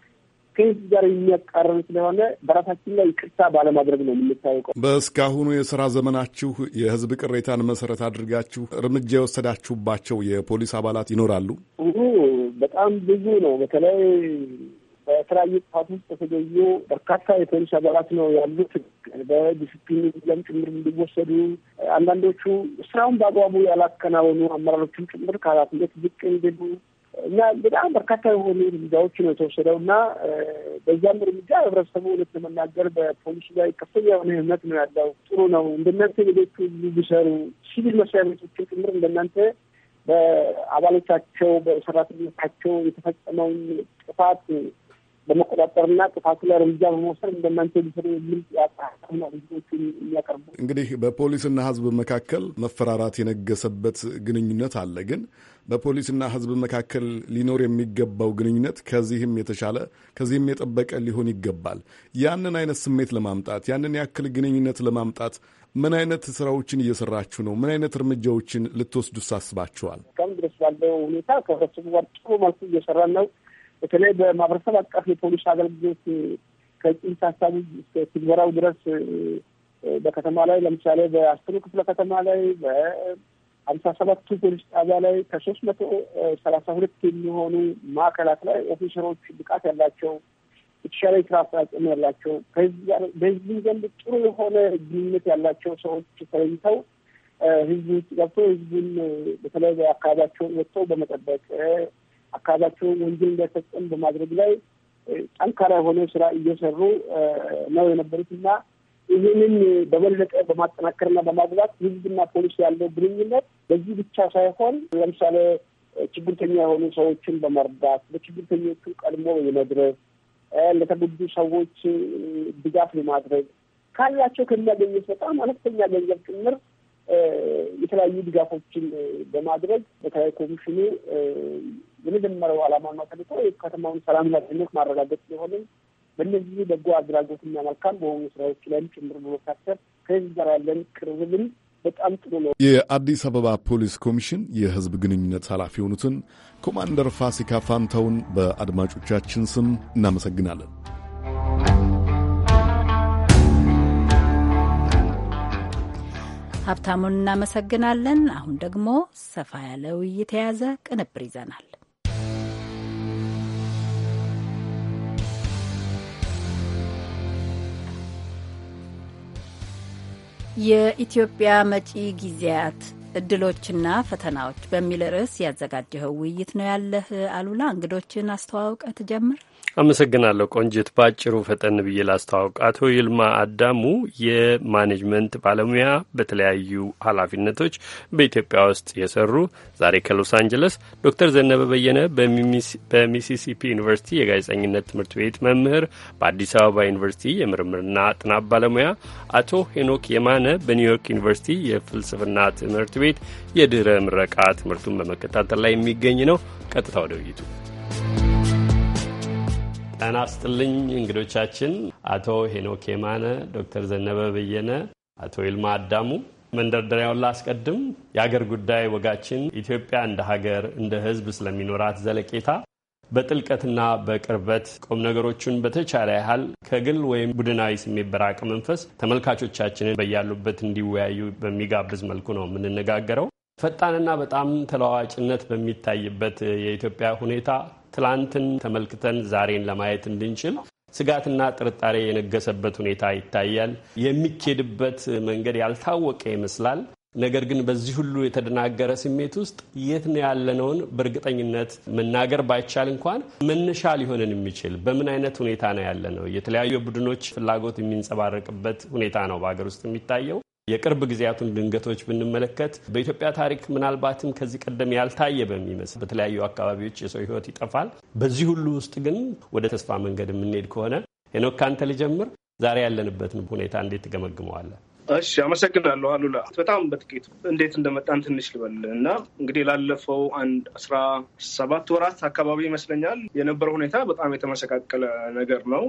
ከህዝብ ጋር የሚያቃረን ስለሆነ በራሳችን ላይ ይቅርታ ባለማድረግ ነው የምንታወቀው። በእስካሁኑ የስራ ዘመናችሁ የህዝብ ቅሬታን መሰረት አድርጋችሁ እርምጃ የወሰዳችሁባቸው የፖሊስ አባላት ይኖራሉ? በጣም ብዙ ነው። በተለይ በተለያዩ ጥፋት ውስጥ የተገኙ በርካታ የፖሊስ አባላት ነው ያሉት። በዲስፕሊን ለም ጭምር እንዲወሰዱ አንዳንዶቹ ስራውን በአግባቡ ያላከናወኑ አመራሮችም ጭምር ከኃላፊነት ዝቅ እንዲሉ እና በጣም በርካታ የሆኑ እርምጃዎች ነው የተወሰደው እና በዛም እርምጃ ህብረተሰቡ እውነት ለመናገር በፖሊሱ ላይ ከፍተኛ የሆነ እምነት ነው ያለው። ጥሩ ነው። እንደናንተ ቤቶች ሁሉ ቢሰሩ ሲቪል መስሪያ ቤቶችን ጭምር እንደናንተ በአባሎቻቸው በሰራተኞቻቸው የተፈጸመውን ጥፋት በመቆጣጠርና ጥፋቱ ላይ እርምጃ በመውሰድ እንደማንቸው ሊሰሩ የሚል ያጣና ልጆቹ የሚያቀርቡ እንግዲህ በፖሊስና ህዝብ መካከል መፈራራት የነገሰበት ግንኙነት አለ። ግን በፖሊስና ህዝብ መካከል ሊኖር የሚገባው ግንኙነት ከዚህም የተሻለ ከዚህም የጠበቀ ሊሆን ይገባል። ያንን አይነት ስሜት ለማምጣት ያንን ያክል ግንኙነት ለማምጣት ምን አይነት ስራዎችን እየሰራችሁ ነው? ምን አይነት እርምጃዎችን ልትወስዱ ሳስባችኋል? እስካሁን ድረስ ባለው ሁኔታ ከህብረተሰቡ ጋር ጥሩ መልኩ እየሰራን ነው። በተለይ በማህበረሰብ አቀፍ የፖሊስ አገልግሎት ከጭንስ ሀሳቢ እስከ ትግበራው ድረስ በከተማ ላይ ለምሳሌ በአስሩ ክፍለ ከተማ ላይ በሀምሳ ሰባቱ ፖሊስ ጣቢያ ላይ ከሶስት መቶ ሰላሳ ሁለት የሚሆኑ ማዕከላት ላይ ኦፊሰሮች ብቃት ያላቸው የተሻለ ስራ አፈጻጸም ያላቸው በህዝብ ዘንድ ጥሩ የሆነ ግንኙነት ያላቸው ሰዎች ተለይተው ህዝብ ውስጥ ገብቶ ህዝብን በተለይ አካባቢያቸውን ወጥተው በመጠበቅ አካባቢያቸው ወንጀል እንዳይፈጸም በማድረግ ላይ ጠንካራ የሆነ ስራ እየሰሩ ነው የነበሩት እና ይህንን በበለጠ በማጠናከርና በማግባት ህዝብና ፖሊስ ያለው ግንኙነት በዚህ ብቻ ሳይሆን ለምሳሌ ችግርተኛ የሆኑ ሰዎችን በመርዳት በችግርተኞቹ ቀድሞ የመድረስ ለተጎዱ ሰዎች ድጋፍ የማድረግ ካላቸው ከሚያገኙት በጣም አነስተኛ ገንዘብ ጭምር የተለያዩ ድጋፎችን በማድረግ በተለይ ኮሚሽኑ የመጀመሪያው ዓላማና ተልዕኮ የከተማውን ሰላምና ደህንነት ማረጋገጥ ሲሆንም በእነዚህ በጎ አድራጎትና መልካም በሆኑ ስራዎች ላይም ጭምር በመሳተፍ ከህዝብ ጋር ያለን ቅርርብን በጣም ጥሩ ነው። የአዲስ አበባ ፖሊስ ኮሚሽን የህዝብ ግንኙነት ኃላፊ የሆኑትን ኮማንደር ፋሲካ ፋንታውን በአድማጮቻችን ስም እናመሰግናለን። ሀብታሙን እናመሰግናለን። አሁን ደግሞ ሰፋ ያለ ውይይት የያዘ ቅንብር ይዘናል። የኢትዮጵያ መጪ ጊዜያት እድሎችና ፈተናዎች በሚል ርዕስ ያዘጋጀኸው ውይይት ነው ያለህ። አሉላ እንግዶችን አስተዋውቀ ትጀምር። አመሰግናለሁ ቆንጅት። በአጭሩ ፈጠን ብዬ ላስተዋውቅ። አቶ ይልማ አዳሙ የማኔጅመንት ባለሙያ በተለያዩ ኃላፊነቶች በኢትዮጵያ ውስጥ የሰሩ ዛሬ ከሎስ አንጀለስ፣ ዶክተር ዘነበ በየነ በሚሲሲፒ ዩኒቨርሲቲ የጋዜጠኝነት ትምህርት ቤት መምህር፣ በአዲስ አበባ ዩኒቨርሲቲ የምርምርና ጥናት ባለሙያ፣ አቶ ሄኖክ የማነ በኒውዮርክ ዩኒቨርሲቲ የፍልስፍና ትምህርት ቤት የድህረ ምረቃ ትምህርቱን በመከታተል ላይ የሚገኝ ነው። ቀጥታ ወደ ውይይቱ ጤና ይስጥልኝ። እንግዶቻችን አቶ ሄኖክ የማነ፣ ዶክተር ዘነበ በየነ፣ አቶ ይልማ አዳሙ መንደርደሪያውን ላስቀድም። የአገር ጉዳይ ወጋችን ኢትዮጵያ እንደ ሀገር እንደ ሕዝብ ስለሚኖራት ዘለቄታ በጥልቀትና በቅርበት ቁም ነገሮቹን በተቻለ ያህል ከግል ወይም ቡድናዊ ስሜት በራቀ መንፈስ ተመልካቾቻችንን በያሉበት እንዲወያዩ በሚጋብዝ መልኩ ነው የምንነጋገረው። ፈጣንና በጣም ተለዋዋጭነት በሚታይበት የኢትዮጵያ ሁኔታ ትላንትን ተመልክተን ዛሬን ለማየት እንድንችል ስጋትና ጥርጣሬ የነገሰበት ሁኔታ ይታያል። የሚኬድበት መንገድ ያልታወቀ ይመስላል። ነገር ግን በዚህ ሁሉ የተደናገረ ስሜት ውስጥ የት ነው ያለነውን በእርግጠኝነት መናገር ባይቻል እንኳን መነሻ ሊሆንን የሚችል በምን አይነት ሁኔታ ነው ያለነው? የተለያዩ ቡድኖች ፍላጎት የሚንጸባረቅበት ሁኔታ ነው በሀገር ውስጥ የሚታየው። የቅርብ ጊዜያቱን ድንገቶች ብንመለከት በኢትዮጵያ ታሪክ ምናልባትም ከዚህ ቀደም ያልታየ በሚመስል በተለያዩ አካባቢዎች የሰው ሕይወት ይጠፋል። በዚህ ሁሉ ውስጥ ግን ወደ ተስፋ መንገድ የምንሄድ ከሆነ ሄኖክ ካንተ ልጀምር። ዛሬ ያለንበትን ሁኔታ እንዴት ትገመግመዋለን? እሺ አመሰግናለሁ አሉላ። በጣም በጥቂቱ እንዴት እንደመጣን ትንሽ ልበል እና እንግዲህ ላለፈው አንድ አስራ ሰባት ወራት አካባቢ ይመስለኛል የነበረው ሁኔታ በጣም የተመሰቃቀለ ነገር ነው።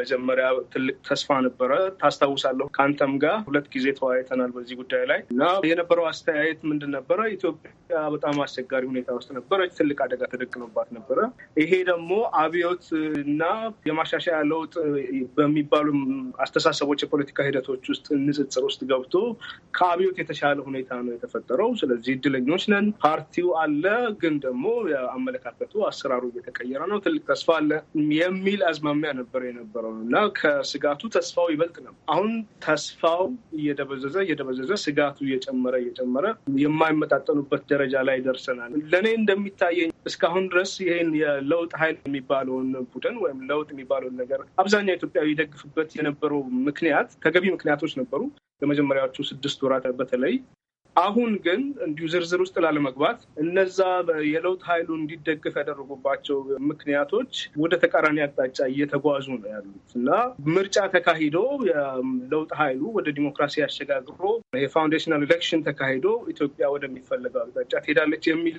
መጀመሪያ ትልቅ ተስፋ ነበረ። ታስታውሳለሁ ከአንተም ጋር ሁለት ጊዜ ተወያይተናል በዚህ ጉዳይ ላይ እና የነበረው አስተያየት ምንድን ነበረ? ኢትዮጵያ በጣም አስቸጋሪ ሁኔታ ውስጥ ነበረች። ትልቅ አደጋ ተደቅኖባት ነበረ። ይሄ ደግሞ አብዮት እና የማሻሻያ ለውጥ በሚባሉ አስተሳሰቦች የፖለቲካ ሂደቶች ውስጥ ንጽጽ መዋቅር ውስጥ ገብቶ ከአብዮት የተሻለ ሁኔታ ነው የተፈጠረው። ስለዚህ እድለኞች ነን። ፓርቲው አለ፣ ግን ደግሞ አመለካከቱ አሰራሩ እየተቀየረ ነው፣ ትልቅ ተስፋ አለ የሚል አዝማሚያ ነበር የነበረው እና ከስጋቱ ተስፋው ይበልጥ ነው። አሁን ተስፋው እየደበዘዘ እየደበዘዘ ስጋቱ እየጨመረ እየጨመረ የማይመጣጠኑበት ደረጃ ላይ ደርሰናል። ለእኔ እንደሚታየኝ እስካሁን ድረስ ይህን የለውጥ ኃይል የሚባለውን ቡድን ወይም ለውጥ የሚባለውን ነገር አብዛኛው ኢትዮጵያዊ ይደግፍበት የነበረው ምክንያት ተገቢ ምክንያቶች ነበሩ። ለመጀመሪያዎቹ ስድስት ወራት በተለይ አሁን ግን እንዲሁ ዝርዝር ውስጥ ላለመግባት እነዛ የለውጥ ኃይሉ እንዲደግፍ ያደረጉባቸው ምክንያቶች ወደ ተቃራኒ አቅጣጫ እየተጓዙ ነው ያሉት እና ምርጫ ተካሂዶ የለውጥ ኃይሉ ወደ ዲሞክራሲ አሸጋግሮ የፋውንዴሽናል ኤሌክሽን ተካሂዶ ኢትዮጵያ ወደሚፈለገው አቅጣጫ ትሄዳለች የሚል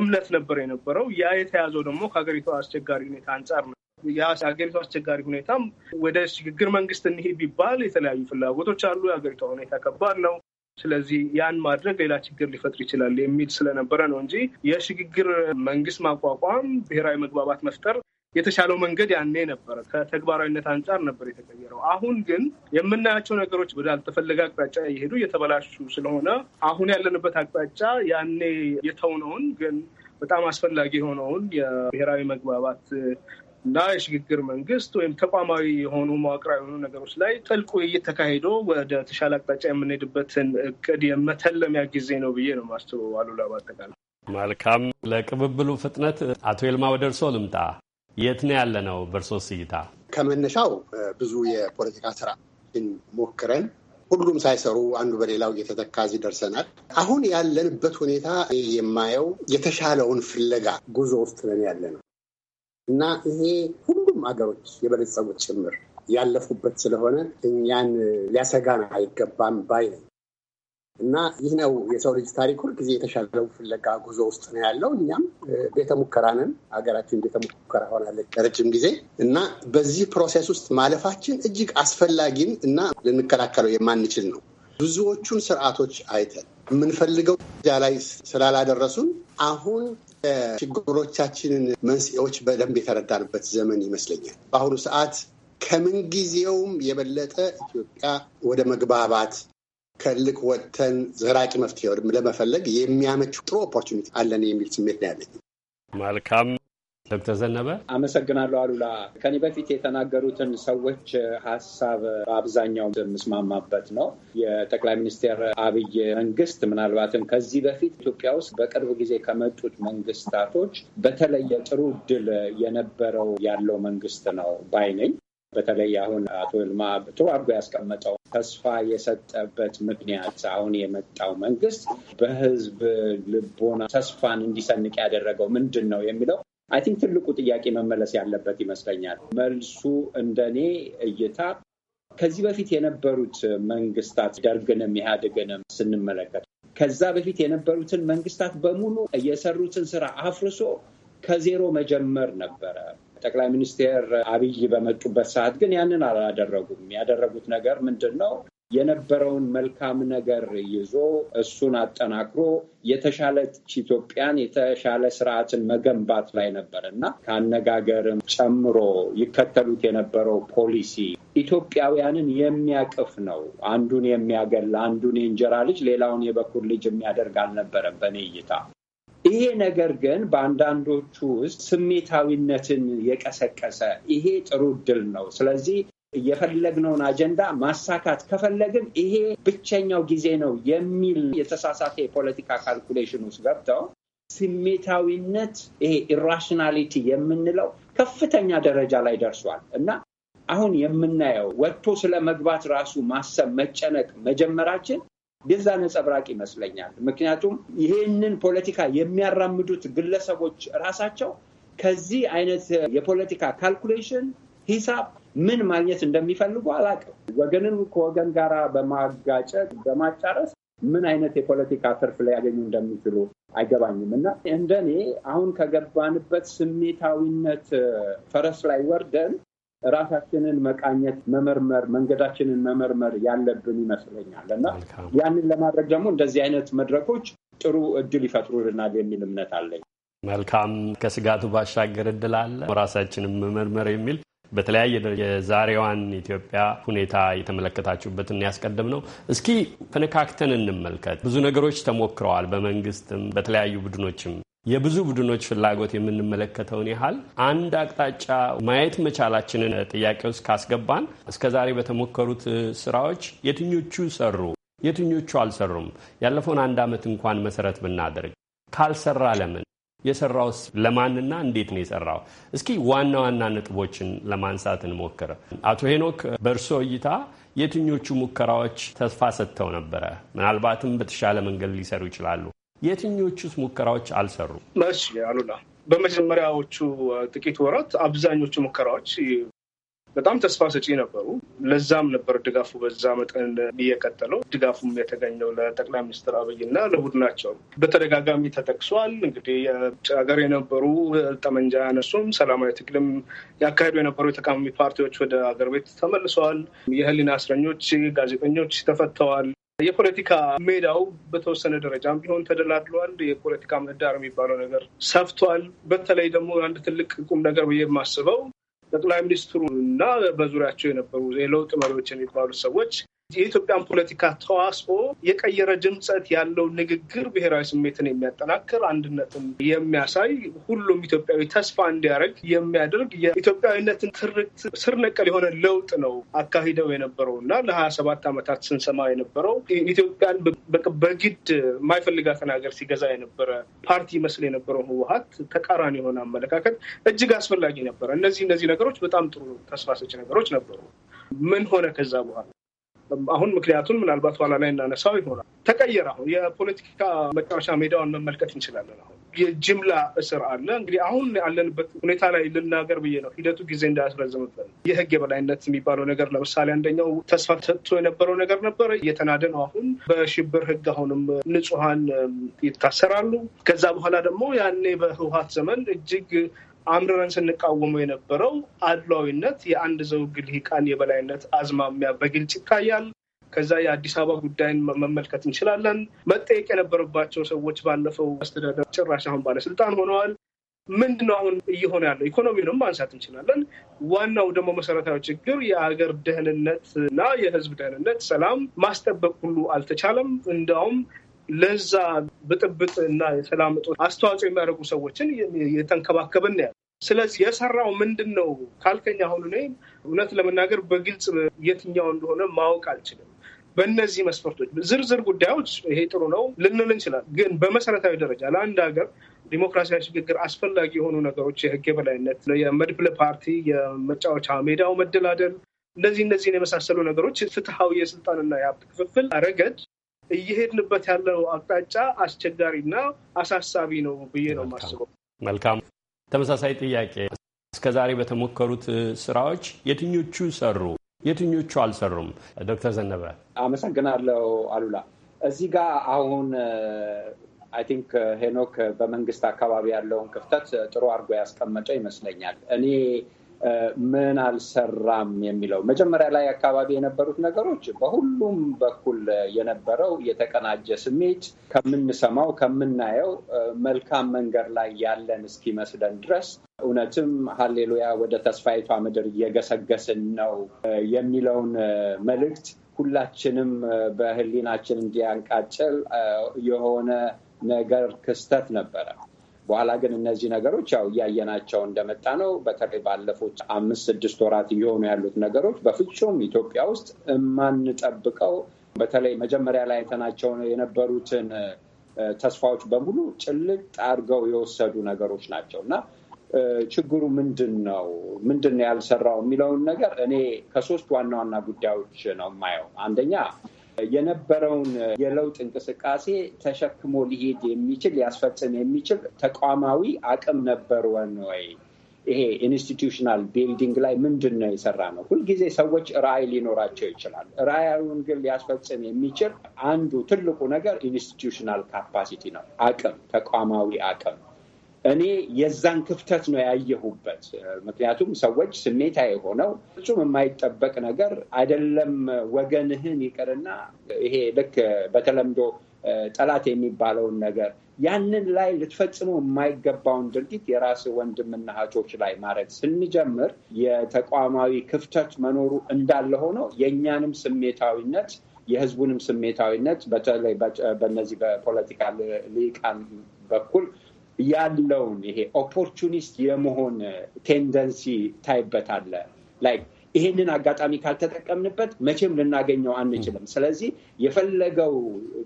እምነት ነበር የነበረው። ያ የተያዘው ደግሞ ከሀገሪቷ አስቸጋሪ ሁኔታ አንጻር ነው። የሀገሪቷ አስቸጋሪ ሁኔታም ወደ ሽግግር መንግስት እንሄድ ቢባል የተለያዩ ፍላጎቶች አሉ። የሀገሪቷ ሁኔታ ከባድ ነው። ስለዚህ ያን ማድረግ ሌላ ችግር ሊፈጥር ይችላል የሚል ስለነበረ ነው እንጂ የሽግግር መንግስት ማቋቋም፣ ብሔራዊ መግባባት መፍጠር የተሻለው መንገድ ያኔ ነበረ። ከተግባራዊነት አንጻር ነበር የተቀየረው። አሁን ግን የምናያቸው ነገሮች ወዳልተፈለገ አቅጣጫ እየሄዱ እየተበላሹ ስለሆነ አሁን ያለንበት አቅጣጫ ያኔ የተውነውን ግን በጣም አስፈላጊ የሆነውን የብሔራዊ መግባባት እና የሽግግር መንግስት ወይም ተቋማዊ የሆኑ መዋቅራዊ የሆኑ ነገሮች ላይ ጥልቅ ውይይት ተካሂዶ ወደ ተሻለ አቅጣጫ የምንሄድበትን እቅድ የመተለሚያ ጊዜ ነው ብዬ ነው የማስበው። አሉላ በአጠቃላይ መልካም። ለቅብብሉ ፍጥነት አቶ ይልማ ወደ እርሶ ልምጣ። የት ነው ያለ ነው በእርሶስ እይታ? ከመነሻው ብዙ የፖለቲካ ስራ ሞክረን ሁሉም ሳይሰሩ አንዱ በሌላው እየተተካ ደርሰናል። አሁን ያለንበት ሁኔታ የማየው የተሻለውን ፍለጋ ጉዞ ውስጥ ነን ያለ ነው። እና ይሄ ሁሉም አገሮች የበለጸጉት ጭምር ያለፉበት ስለሆነ እኛን ሊያሰጋን አይገባም ባይ ነኝ። እና ይህ ነው የሰው ልጅ ታሪክ ሁልጊዜ የተሻለው ፍለጋ ጉዞ ውስጥ ነው ያለው። እኛም ቤተ ሙከራ ነን። ሀገራችን ቤተ ሙከራ ሆናለች ለረጅም ጊዜ እና በዚህ ፕሮሴስ ውስጥ ማለፋችን እጅግ አስፈላጊም እና ልንከላከለው የማንችል ነው። ብዙዎቹን ስርዓቶች አይተን የምንፈልገው እዛ ላይ ስላላደረሱን አሁን የችግሮቻችንን መንስኤዎች በደንብ የተረዳንበት ዘመን ይመስለኛል። በአሁኑ ሰዓት ከምንጊዜውም የበለጠ ኢትዮጵያ ወደ መግባባት ከልቅ ወጥተን ዘራቂ መፍትሄ ለመፈለግ የሚያመች ጥሩ ኦፖርቹኒቲ አለን የሚል ስሜት ነው ያለኝ። መልካም ዶክተር ዘነበ አመሰግናለሁ። አሉላ ከኔ በፊት የተናገሩትን ሰዎች ሀሳብ በአብዛኛው የምስማማበት ነው። የጠቅላይ ሚኒስትር አብይ መንግስት ምናልባትም ከዚህ በፊት ኢትዮጵያ ውስጥ በቅርብ ጊዜ ከመጡት መንግስታቶች በተለየ ጥሩ እድል የነበረው ያለው መንግስት ነው ባይ ነኝ። በተለይ አሁን አቶ ይልማ ጥሩ አድርጎ ያስቀመጠው ተስፋ የሰጠበት ምክንያት አሁን የመጣው መንግስት በህዝብ ልቦና ተስፋን እንዲሰንቅ ያደረገው ምንድን ነው የሚለው አይ ቲንክ ትልቁ ጥያቄ መመለስ ያለበት ይመስለኛል። መልሱ እንደኔ እይታ ከዚህ በፊት የነበሩት መንግስታት ደርግንም ኢህአዴግንም ስንመለከት ከዛ በፊት የነበሩትን መንግስታት በሙሉ የሰሩትን ስራ አፍርሶ ከዜሮ መጀመር ነበረ። ጠቅላይ ሚኒስትር አብይ በመጡበት ሰዓት ግን ያንን አላደረጉም። ያደረጉት ነገር ምንድን ነው? የነበረውን መልካም ነገር ይዞ እሱን አጠናክሮ የተሻለች ኢትዮጵያን የተሻለ ስርዓትን መገንባት ላይ ነበር እና ከአነጋገርም ጨምሮ ይከተሉት የነበረው ፖሊሲ ኢትዮጵያውያንን የሚያቅፍ ነው። አንዱን የሚያገል አንዱን የእንጀራ ልጅ ሌላውን የበኩር ልጅ የሚያደርግ አልነበረም በእኔ እይታ። ይሄ ነገር ግን በአንዳንዶቹ ውስጥ ስሜታዊነትን የቀሰቀሰ ይሄ ጥሩ እድል ነው፣ ስለዚህ የፈለግነውን አጀንዳ ማሳካት ከፈለግን ይሄ ብቸኛው ጊዜ ነው የሚል የተሳሳተ የፖለቲካ ካልኩሌሽን ውስጥ ገብተው ስሜታዊነት ይሄ ኢራሽናሊቲ የምንለው ከፍተኛ ደረጃ ላይ ደርሷል እና አሁን የምናየው ወጥቶ ስለ መግባት ራሱ ማሰብ መጨነቅ መጀመራችን የዛ ነጸብራቅ ይመስለኛል። ምክንያቱም ይህንን ፖለቲካ የሚያራምዱት ግለሰቦች ራሳቸው ከዚህ አይነት የፖለቲካ ካልኩሌሽን ሂሳብ ምን ማግኘት እንደሚፈልጉ አላውቅም። ወገንን ከወገን ጋር በማጋጨት በማጫረስ ምን አይነት የፖለቲካ ትርፍ ሊያገኙ እንደሚችሉ አይገባኝም። እና እንደኔ አሁን ከገባንበት ስሜታዊነት ፈረስ ላይ ወርደን ራሳችንን መቃኘት፣ መመርመር፣ መንገዳችንን መመርመር ያለብን ይመስለኛል። እና ያንን ለማድረግ ደግሞ እንደዚህ አይነት መድረኮች ጥሩ እድል ይፈጥሩልናል የሚል እምነት አለኝ። መልካም። ከስጋቱ ባሻገር እድል አለ ራሳችንን መመርመር የሚል በተለያየ ደረጃ የዛሬዋን ኢትዮጵያ ሁኔታ የተመለከታችሁበትን ያስቀደም ነው። እስኪ ፈነካክተን እንመልከት። ብዙ ነገሮች ተሞክረዋል፣ በመንግስትም በተለያዩ ቡድኖችም የብዙ ቡድኖች ፍላጎት የምንመለከተውን ያህል አንድ አቅጣጫ ማየት መቻላችንን ጥያቄ ውስጥ ካስገባን እስከ ዛሬ በተሞከሩት ስራዎች የትኞቹ ሰሩ፣ የትኞቹ አልሰሩም? ያለፈውን አንድ ዓመት እንኳን መሰረት ብናደርግ ካልሰራ ለምን የሰራውስ ለማንና እንዴት ነው የሰራው? እስኪ ዋና ዋና ነጥቦችን ለማንሳት እንሞክር። አቶ ሄኖክ በእርሶ እይታ የትኞቹ ሙከራዎች ተስፋ ሰጥተው ነበረ? ምናልባትም በተሻለ መንገድ ሊሰሩ ይችላሉ። የትኞቹስ ሙከራዎች አልሰሩም? እሺ አሉላ፣ በመጀመሪያዎቹ ጥቂት ወራት አብዛኞቹ ሙከራዎች በጣም ተስፋ ሰጪ ነበሩ። ለዛም ነበር ድጋፉ በዛ መጠን እየቀጠለው ድጋፉም የተገኘው ለጠቅላይ ሚኒስትር አብይና ለቡድናቸው በተደጋጋሚ ተጠቅሷል። እንግዲህ የውጭ ሀገር የነበሩ ጠመንጃ ያነሱም ሰላማዊ ትግልም ያካሄዱ የነበሩ የተቃዋሚ ፓርቲዎች ወደ ሀገር ቤት ተመልሰዋል። የህሊና እስረኞች፣ ጋዜጠኞች ተፈተዋል። የፖለቲካ ሜዳው በተወሰነ ደረጃም ቢሆን ተደላድሏል። የፖለቲካ ምህዳር የሚባለው ነገር ሰፍቷል። በተለይ ደግሞ አንድ ትልቅ ቁም ነገር ብዬ የማስበው ጠቅላይ ሚኒስትሩ እና በዙሪያቸው የነበሩ የለውጥ መሪዎች የሚባሉ ሰዎች የኢትዮጵያን ፖለቲካ ተዋስኦ የቀየረ ድምፀት ያለው ንግግር ብሔራዊ ስሜትን የሚያጠናክር አንድነትን የሚያሳይ ሁሉም ኢትዮጵያዊ ተስፋ እንዲያደርግ የሚያደርግ የኢትዮጵያዊነትን ትርክት ስር ነቀል የሆነ ለውጥ ነው አካሂደው የነበረው እና ለሀያ ሰባት ዓመታት ስንሰማ የነበረው ኢትዮጵያን በግድ የማይፈልጋትን ሀገር ሲገዛ የነበረ ፓርቲ መስል የነበረው ህወሀት ተቃራኒ የሆነ አመለካከት እጅግ አስፈላጊ ነበረ። እነዚህ እነዚህ ነገሮች በጣም ጥሩ ተስፋ ሰጪ ነገሮች ነበሩ። ምን ሆነ ከዛ በኋላ? አሁን ምክንያቱን ምናልባት ኋላ ላይ እናነሳው ይሆናል። ተቀየረ። አሁን የፖለቲካ መጫወቻ ሜዳውን መመልከት እንችላለን። አሁን የጅምላ እስር አለ። እንግዲህ አሁን ያለንበት ሁኔታ ላይ ልናገር ብዬ ነው፣ ሂደቱ ጊዜ እንዳያስረዝምበት። የህግ የበላይነት የሚባለው ነገር ለምሳሌ አንደኛው ተስፋ ተጥቶ የነበረው ነገር ነበረ፣ እየተናደ ነው። አሁን በሽብር ህግ አሁንም ንጹሀን ይታሰራሉ። ከዛ በኋላ ደግሞ ያኔ በህውሀት ዘመን እጅግ አምርረን ስንቃወመው የነበረው አድሏዊነት፣ የአንድ ዘውግ ልሂቃን የበላይነት አዝማሚያ በግልጽ ይታያል። ከዛ የአዲስ አበባ ጉዳይን መመልከት እንችላለን። መጠየቅ የነበረባቸው ሰዎች ባለፈው አስተዳደር ጭራሽ አሁን ባለስልጣን ሆነዋል። ምንድን ነው አሁን እየሆነ ያለው? ኢኮኖሚንም ማንሳት እንችላለን። ዋናው ደግሞ መሰረታዊ ችግር የሀገር ደህንነት እና የህዝብ ደህንነት ሰላም ማስጠበቅ ሁሉ አልተቻለም። እንዲያውም ለዛ ብጥብጥ እና የሰላም እጦት አስተዋጽኦ የሚያደርጉ ሰዎችን የተንከባከብን ያለ። ስለዚህ የሰራው ምንድን ነው ካልከኝ፣ አሁን እኔ እውነት ለመናገር በግልጽ የትኛው እንደሆነ ማወቅ አልችልም። በእነዚህ መስፈርቶች ዝርዝር ጉዳዮች ይሄ ጥሩ ነው ልንል እንችላለን። ግን በመሰረታዊ ደረጃ ለአንድ ሀገር ዲሞክራሲያዊ ሽግግር አስፈላጊ የሆኑ ነገሮች የህግ የበላይነት፣ የመድብለ ፓርቲ፣ የመጫወቻ ሜዳው መደላደል፣ እነዚህ እነዚህን የመሳሰሉ ነገሮች ፍትሐዊ የስልጣንና የሀብት ክፍፍል ረገድ እየሄድንበት ያለው አቅጣጫ አስቸጋሪና አሳሳቢ ነው ብዬ ነው የማስበው። መልካም ተመሳሳይ ጥያቄ እስከዛሬ በተሞከሩት ስራዎች የትኞቹ ሰሩ፣ የትኞቹ አልሰሩም? ዶክተር ዘነበ አመሰግናለሁ። አሉላ እዚህ ጋር አሁን አይ ቲንክ ሄኖክ በመንግስት አካባቢ ያለውን ክፍተት ጥሩ አድርጎ ያስቀመጠ ይመስለኛል። እኔ ምን አልሰራም የሚለው መጀመሪያ ላይ አካባቢ የነበሩት ነገሮች በሁሉም በኩል የነበረው የተቀናጀ ስሜት ከምንሰማው ከምናየው መልካም መንገድ ላይ ያለን እስኪመስለን ድረስ እውነትም ሀሌሉያ ወደ ተስፋይቷ ምድር እየገሰገስን ነው የሚለውን መልእክት ሁላችንም በህሊናችን እንዲያንቃጭል የሆነ ነገር ክስተት ነበረ። በኋላ ግን እነዚህ ነገሮች ያው እያየናቸው እንደመጣ ነው። በተለይ ባለፉት አምስት ስድስት ወራት እየሆኑ ያሉት ነገሮች በፍጹም ኢትዮጵያ ውስጥ የማንጠብቀው በተለይ መጀመሪያ ላይ አይተናቸው የነበሩትን ተስፋዎች በሙሉ ጭልጥ አድርገው የወሰዱ ነገሮች ናቸው እና ችግሩ ምንድን ነው ምንድን ነው ያልሰራው የሚለውን ነገር እኔ ከሶስት ዋና ዋና ጉዳዮች ነው የማየው። አንደኛ የነበረውን የለውጥ እንቅስቃሴ ተሸክሞ ሊሄድ የሚችል ሊያስፈጽም የሚችል ተቋማዊ አቅም ነበረን ወይ? ይሄ ኢንስቲትዩሽናል ቢልዲንግ ላይ ምንድን ነው የሰራ ነው? ሁልጊዜ ሰዎች ራዕይ ሊኖራቸው ይችላል። ራዕያዊውን ግን ሊያስፈጽም የሚችል አንዱ ትልቁ ነገር ኢንስቲትዩሽናል ካፓሲቲ ነው፣ አቅም፣ ተቋማዊ አቅም እኔ የዛን ክፍተት ነው ያየሁበት። ምክንያቱም ሰዎች ስሜት ሆነው ፍጹም የማይጠበቅ ነገር አይደለም ወገንህን ይቅርና ይሄ ልክ በተለምዶ ጠላት የሚባለውን ነገር ያንን ላይ ልትፈጽመው የማይገባውን ድርጊት የራስ ወንድምና እህቶች ላይ ማድረግ ስንጀምር የተቋማዊ ክፍተት መኖሩ እንዳለ ሆኖ የእኛንም ስሜታዊነት የህዝቡንም ስሜታዊነት በተለይ በነዚህ በፖለቲካ ልሂቃን በኩል ያለውን ይሄ ኦፖርቹኒስት የመሆን ቴንደንሲ ታይበታለ። ላይክ ይሄንን አጋጣሚ ካልተጠቀምንበት መቼም ልናገኘው አንችልም። ስለዚህ የፈለገው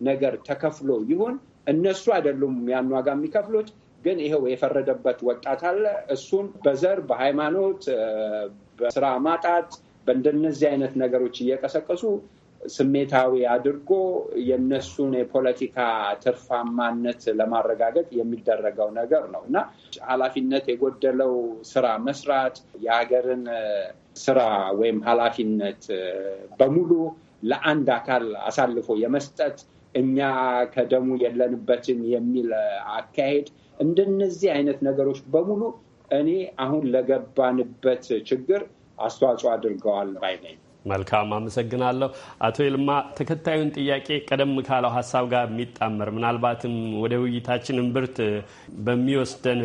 ነገር ተከፍሎ ይሁን እነሱ አይደሉም ያን ዋጋ የሚከፍሉት፣ ግን ይሄው የፈረደበት ወጣት አለ። እሱን በዘር በሃይማኖት፣ በስራ ማጣት በእንደነዚህ አይነት ነገሮች እየቀሰቀሱ ስሜታዊ አድርጎ የነሱን የፖለቲካ ትርፋማነት ለማረጋገጥ የሚደረገው ነገር ነው እና ኃላፊነት የጎደለው ስራ መስራት የሀገርን ስራ ወይም ኃላፊነት በሙሉ ለአንድ አካል አሳልፎ የመስጠት እኛ ከደሙ የለንበትን የሚል አካሄድ እንደነዚህ አይነት ነገሮች በሙሉ እኔ አሁን ለገባንበት ችግር አስተዋጽኦ አድርገዋል ባይ ነኝ። መልካም አመሰግናለሁ አቶ ይልማ። ተከታዩን ጥያቄ ቀደም ካለው ሀሳብ ጋር የሚጣመር ምናልባትም ወደ ውይይታችን እምብርት በሚወስደን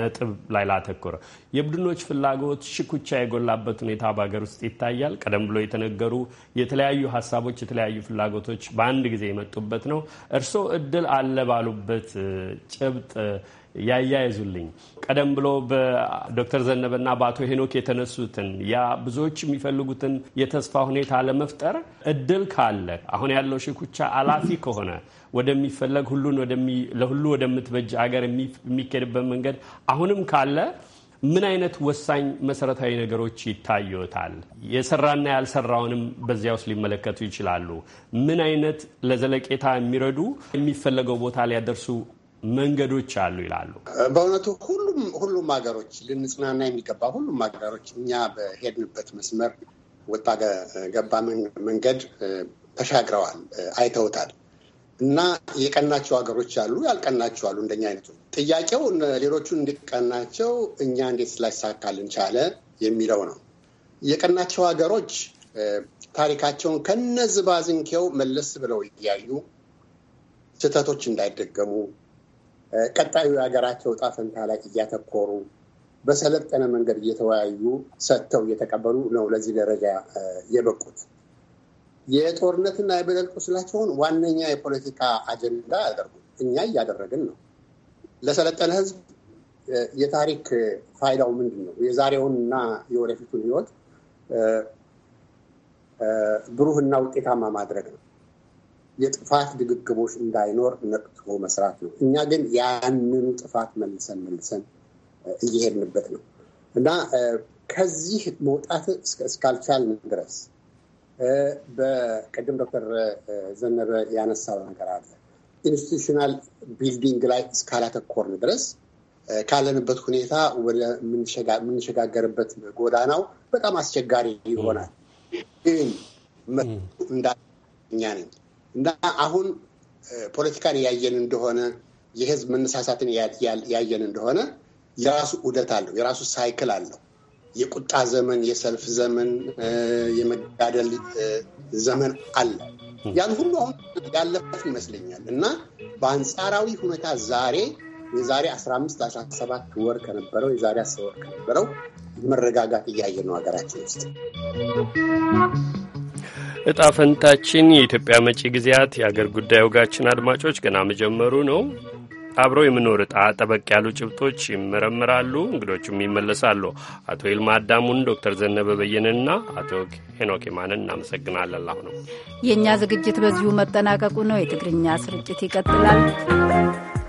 ነጥብ ላይ ላተኮረ የቡድኖች ፍላጎት ሽኩቻ የጎላበት ሁኔታ በሀገር ውስጥ ይታያል። ቀደም ብሎ የተነገሩ የተለያዩ ሀሳቦች፣ የተለያዩ ፍላጎቶች በአንድ ጊዜ የመጡበት ነው። እርስዎ እድል አለ ባሉበት ጭብጥ ያያይዙልኝ። ቀደም ብሎ በዶክተር ዘነበና በአቶ ሄኖክ የተነሱትን ያ ብዙዎች የሚፈልጉትን የተስፋ ሁኔታ ለመፍጠር እድል ካለ አሁን ያለው ሽኩቻ አላፊ ከሆነ ወደሚፈለግ ሁሉን ለሁሉ ወደምትበጅ ሀገር የሚኬድበት መንገድ አሁንም ካለ ምን አይነት ወሳኝ መሰረታዊ ነገሮች ይታዩታል? የሰራና ያልሰራውንም በዚያ ውስጥ ሊመለከቱ ይችላሉ። ምን አይነት ለዘለቄታ የሚረዱ የሚፈለገው ቦታ ሊያደርሱ መንገዶች አሉ ይላሉ። በእውነቱ ሁሉም ሁሉም ሀገሮች ልንጽናና የሚገባ ሁሉም ሀገሮች እኛ በሄድንበት መስመር ወጣ ገባ መንገድ ተሻግረዋል፣ አይተውታል እና የቀናቸው ሀገሮች አሉ፣ ያልቀናቸው አሉ። እንደኛ አይነቱ ጥያቄው ሌሎቹ እንዲቀናቸው እኛ እንዴት ስላይሳካልን ቻለ የሚለው ነው። የቀናቸው ሀገሮች ታሪካቸውን ከነዝባዝንኬው መለስ ብለው እያዩ ስህተቶች እንዳይደገሙ ቀጣዩ የሀገራቸው ጣፈንታ ፈንታ ላይ እያተኮሩ በሰለጠነ መንገድ እየተወያዩ ሰጥተው እየተቀበሉ ነው ለዚህ ደረጃ የበቁት። የጦርነትና የበደል ቁስላቸውን ዋነኛ የፖለቲካ አጀንዳ ያደርጉ እኛ እያደረግን ነው። ለሰለጠነ ህዝብ የታሪክ ፋይዳው ምንድን ነው? የዛሬውንና የወደፊቱን ህይወት ብሩህና ውጤታማ ማድረግ ነው። የጥፋት ድግግሞች እንዳይኖር ነቅቶ መስራት ነው። እኛ ግን ያንኑ ጥፋት መልሰን መልሰን እየሄድንበት ነው እና ከዚህ መውጣት እስካልቻልን ድረስ በቀደም ዶክተር ዘነበ ያነሳው ነገር አለ። ኢንስቲቱሽናል ቢልዲንግ ላይ እስካላተኮርን ድረስ ካለንበት ሁኔታ የምንሸጋገርበት ጎዳናው በጣም አስቸጋሪ ይሆናል። ግን እኛ ነኝ እና አሁን ፖለቲካን ያየን እንደሆነ የህዝብ መነሳሳትን ያየን እንደሆነ የራሱ ዑደት አለው፣ የራሱ ሳይክል አለው። የቁጣ ዘመን፣ የሰልፍ ዘመን፣ የመጋደል ዘመን አለ። ያን ሁሉ አሁን ያለበት ይመስለኛል እና በአንጻራዊ ሁኔታ ዛሬ የዛሬ 15 17 ወር ከነበረው የዛሬ 10 ወር ከነበረው መረጋጋት እያየ ነው ሀገራችን ውስጥ እጣ ፈንታችን የኢትዮጵያ መጪ ጊዜያት የአገር ጉዳይ ወጋችን አድማጮች ገና መጀመሩ ነው። አብረው የምኖር እጣ ጠበቅ ያሉ ጭብጦች ይመረምራሉ፣ እንግዶቹም ይመለሳሉ። አቶ ይልማ አዳሙን፣ ዶክተር ዘነበ በየንና አቶ ሄኖክ የማንን እናመሰግናለን። ነው የእኛ ዝግጅት በዚሁ መጠናቀቁ ነው። የትግርኛ ስርጭት ይቀጥላል።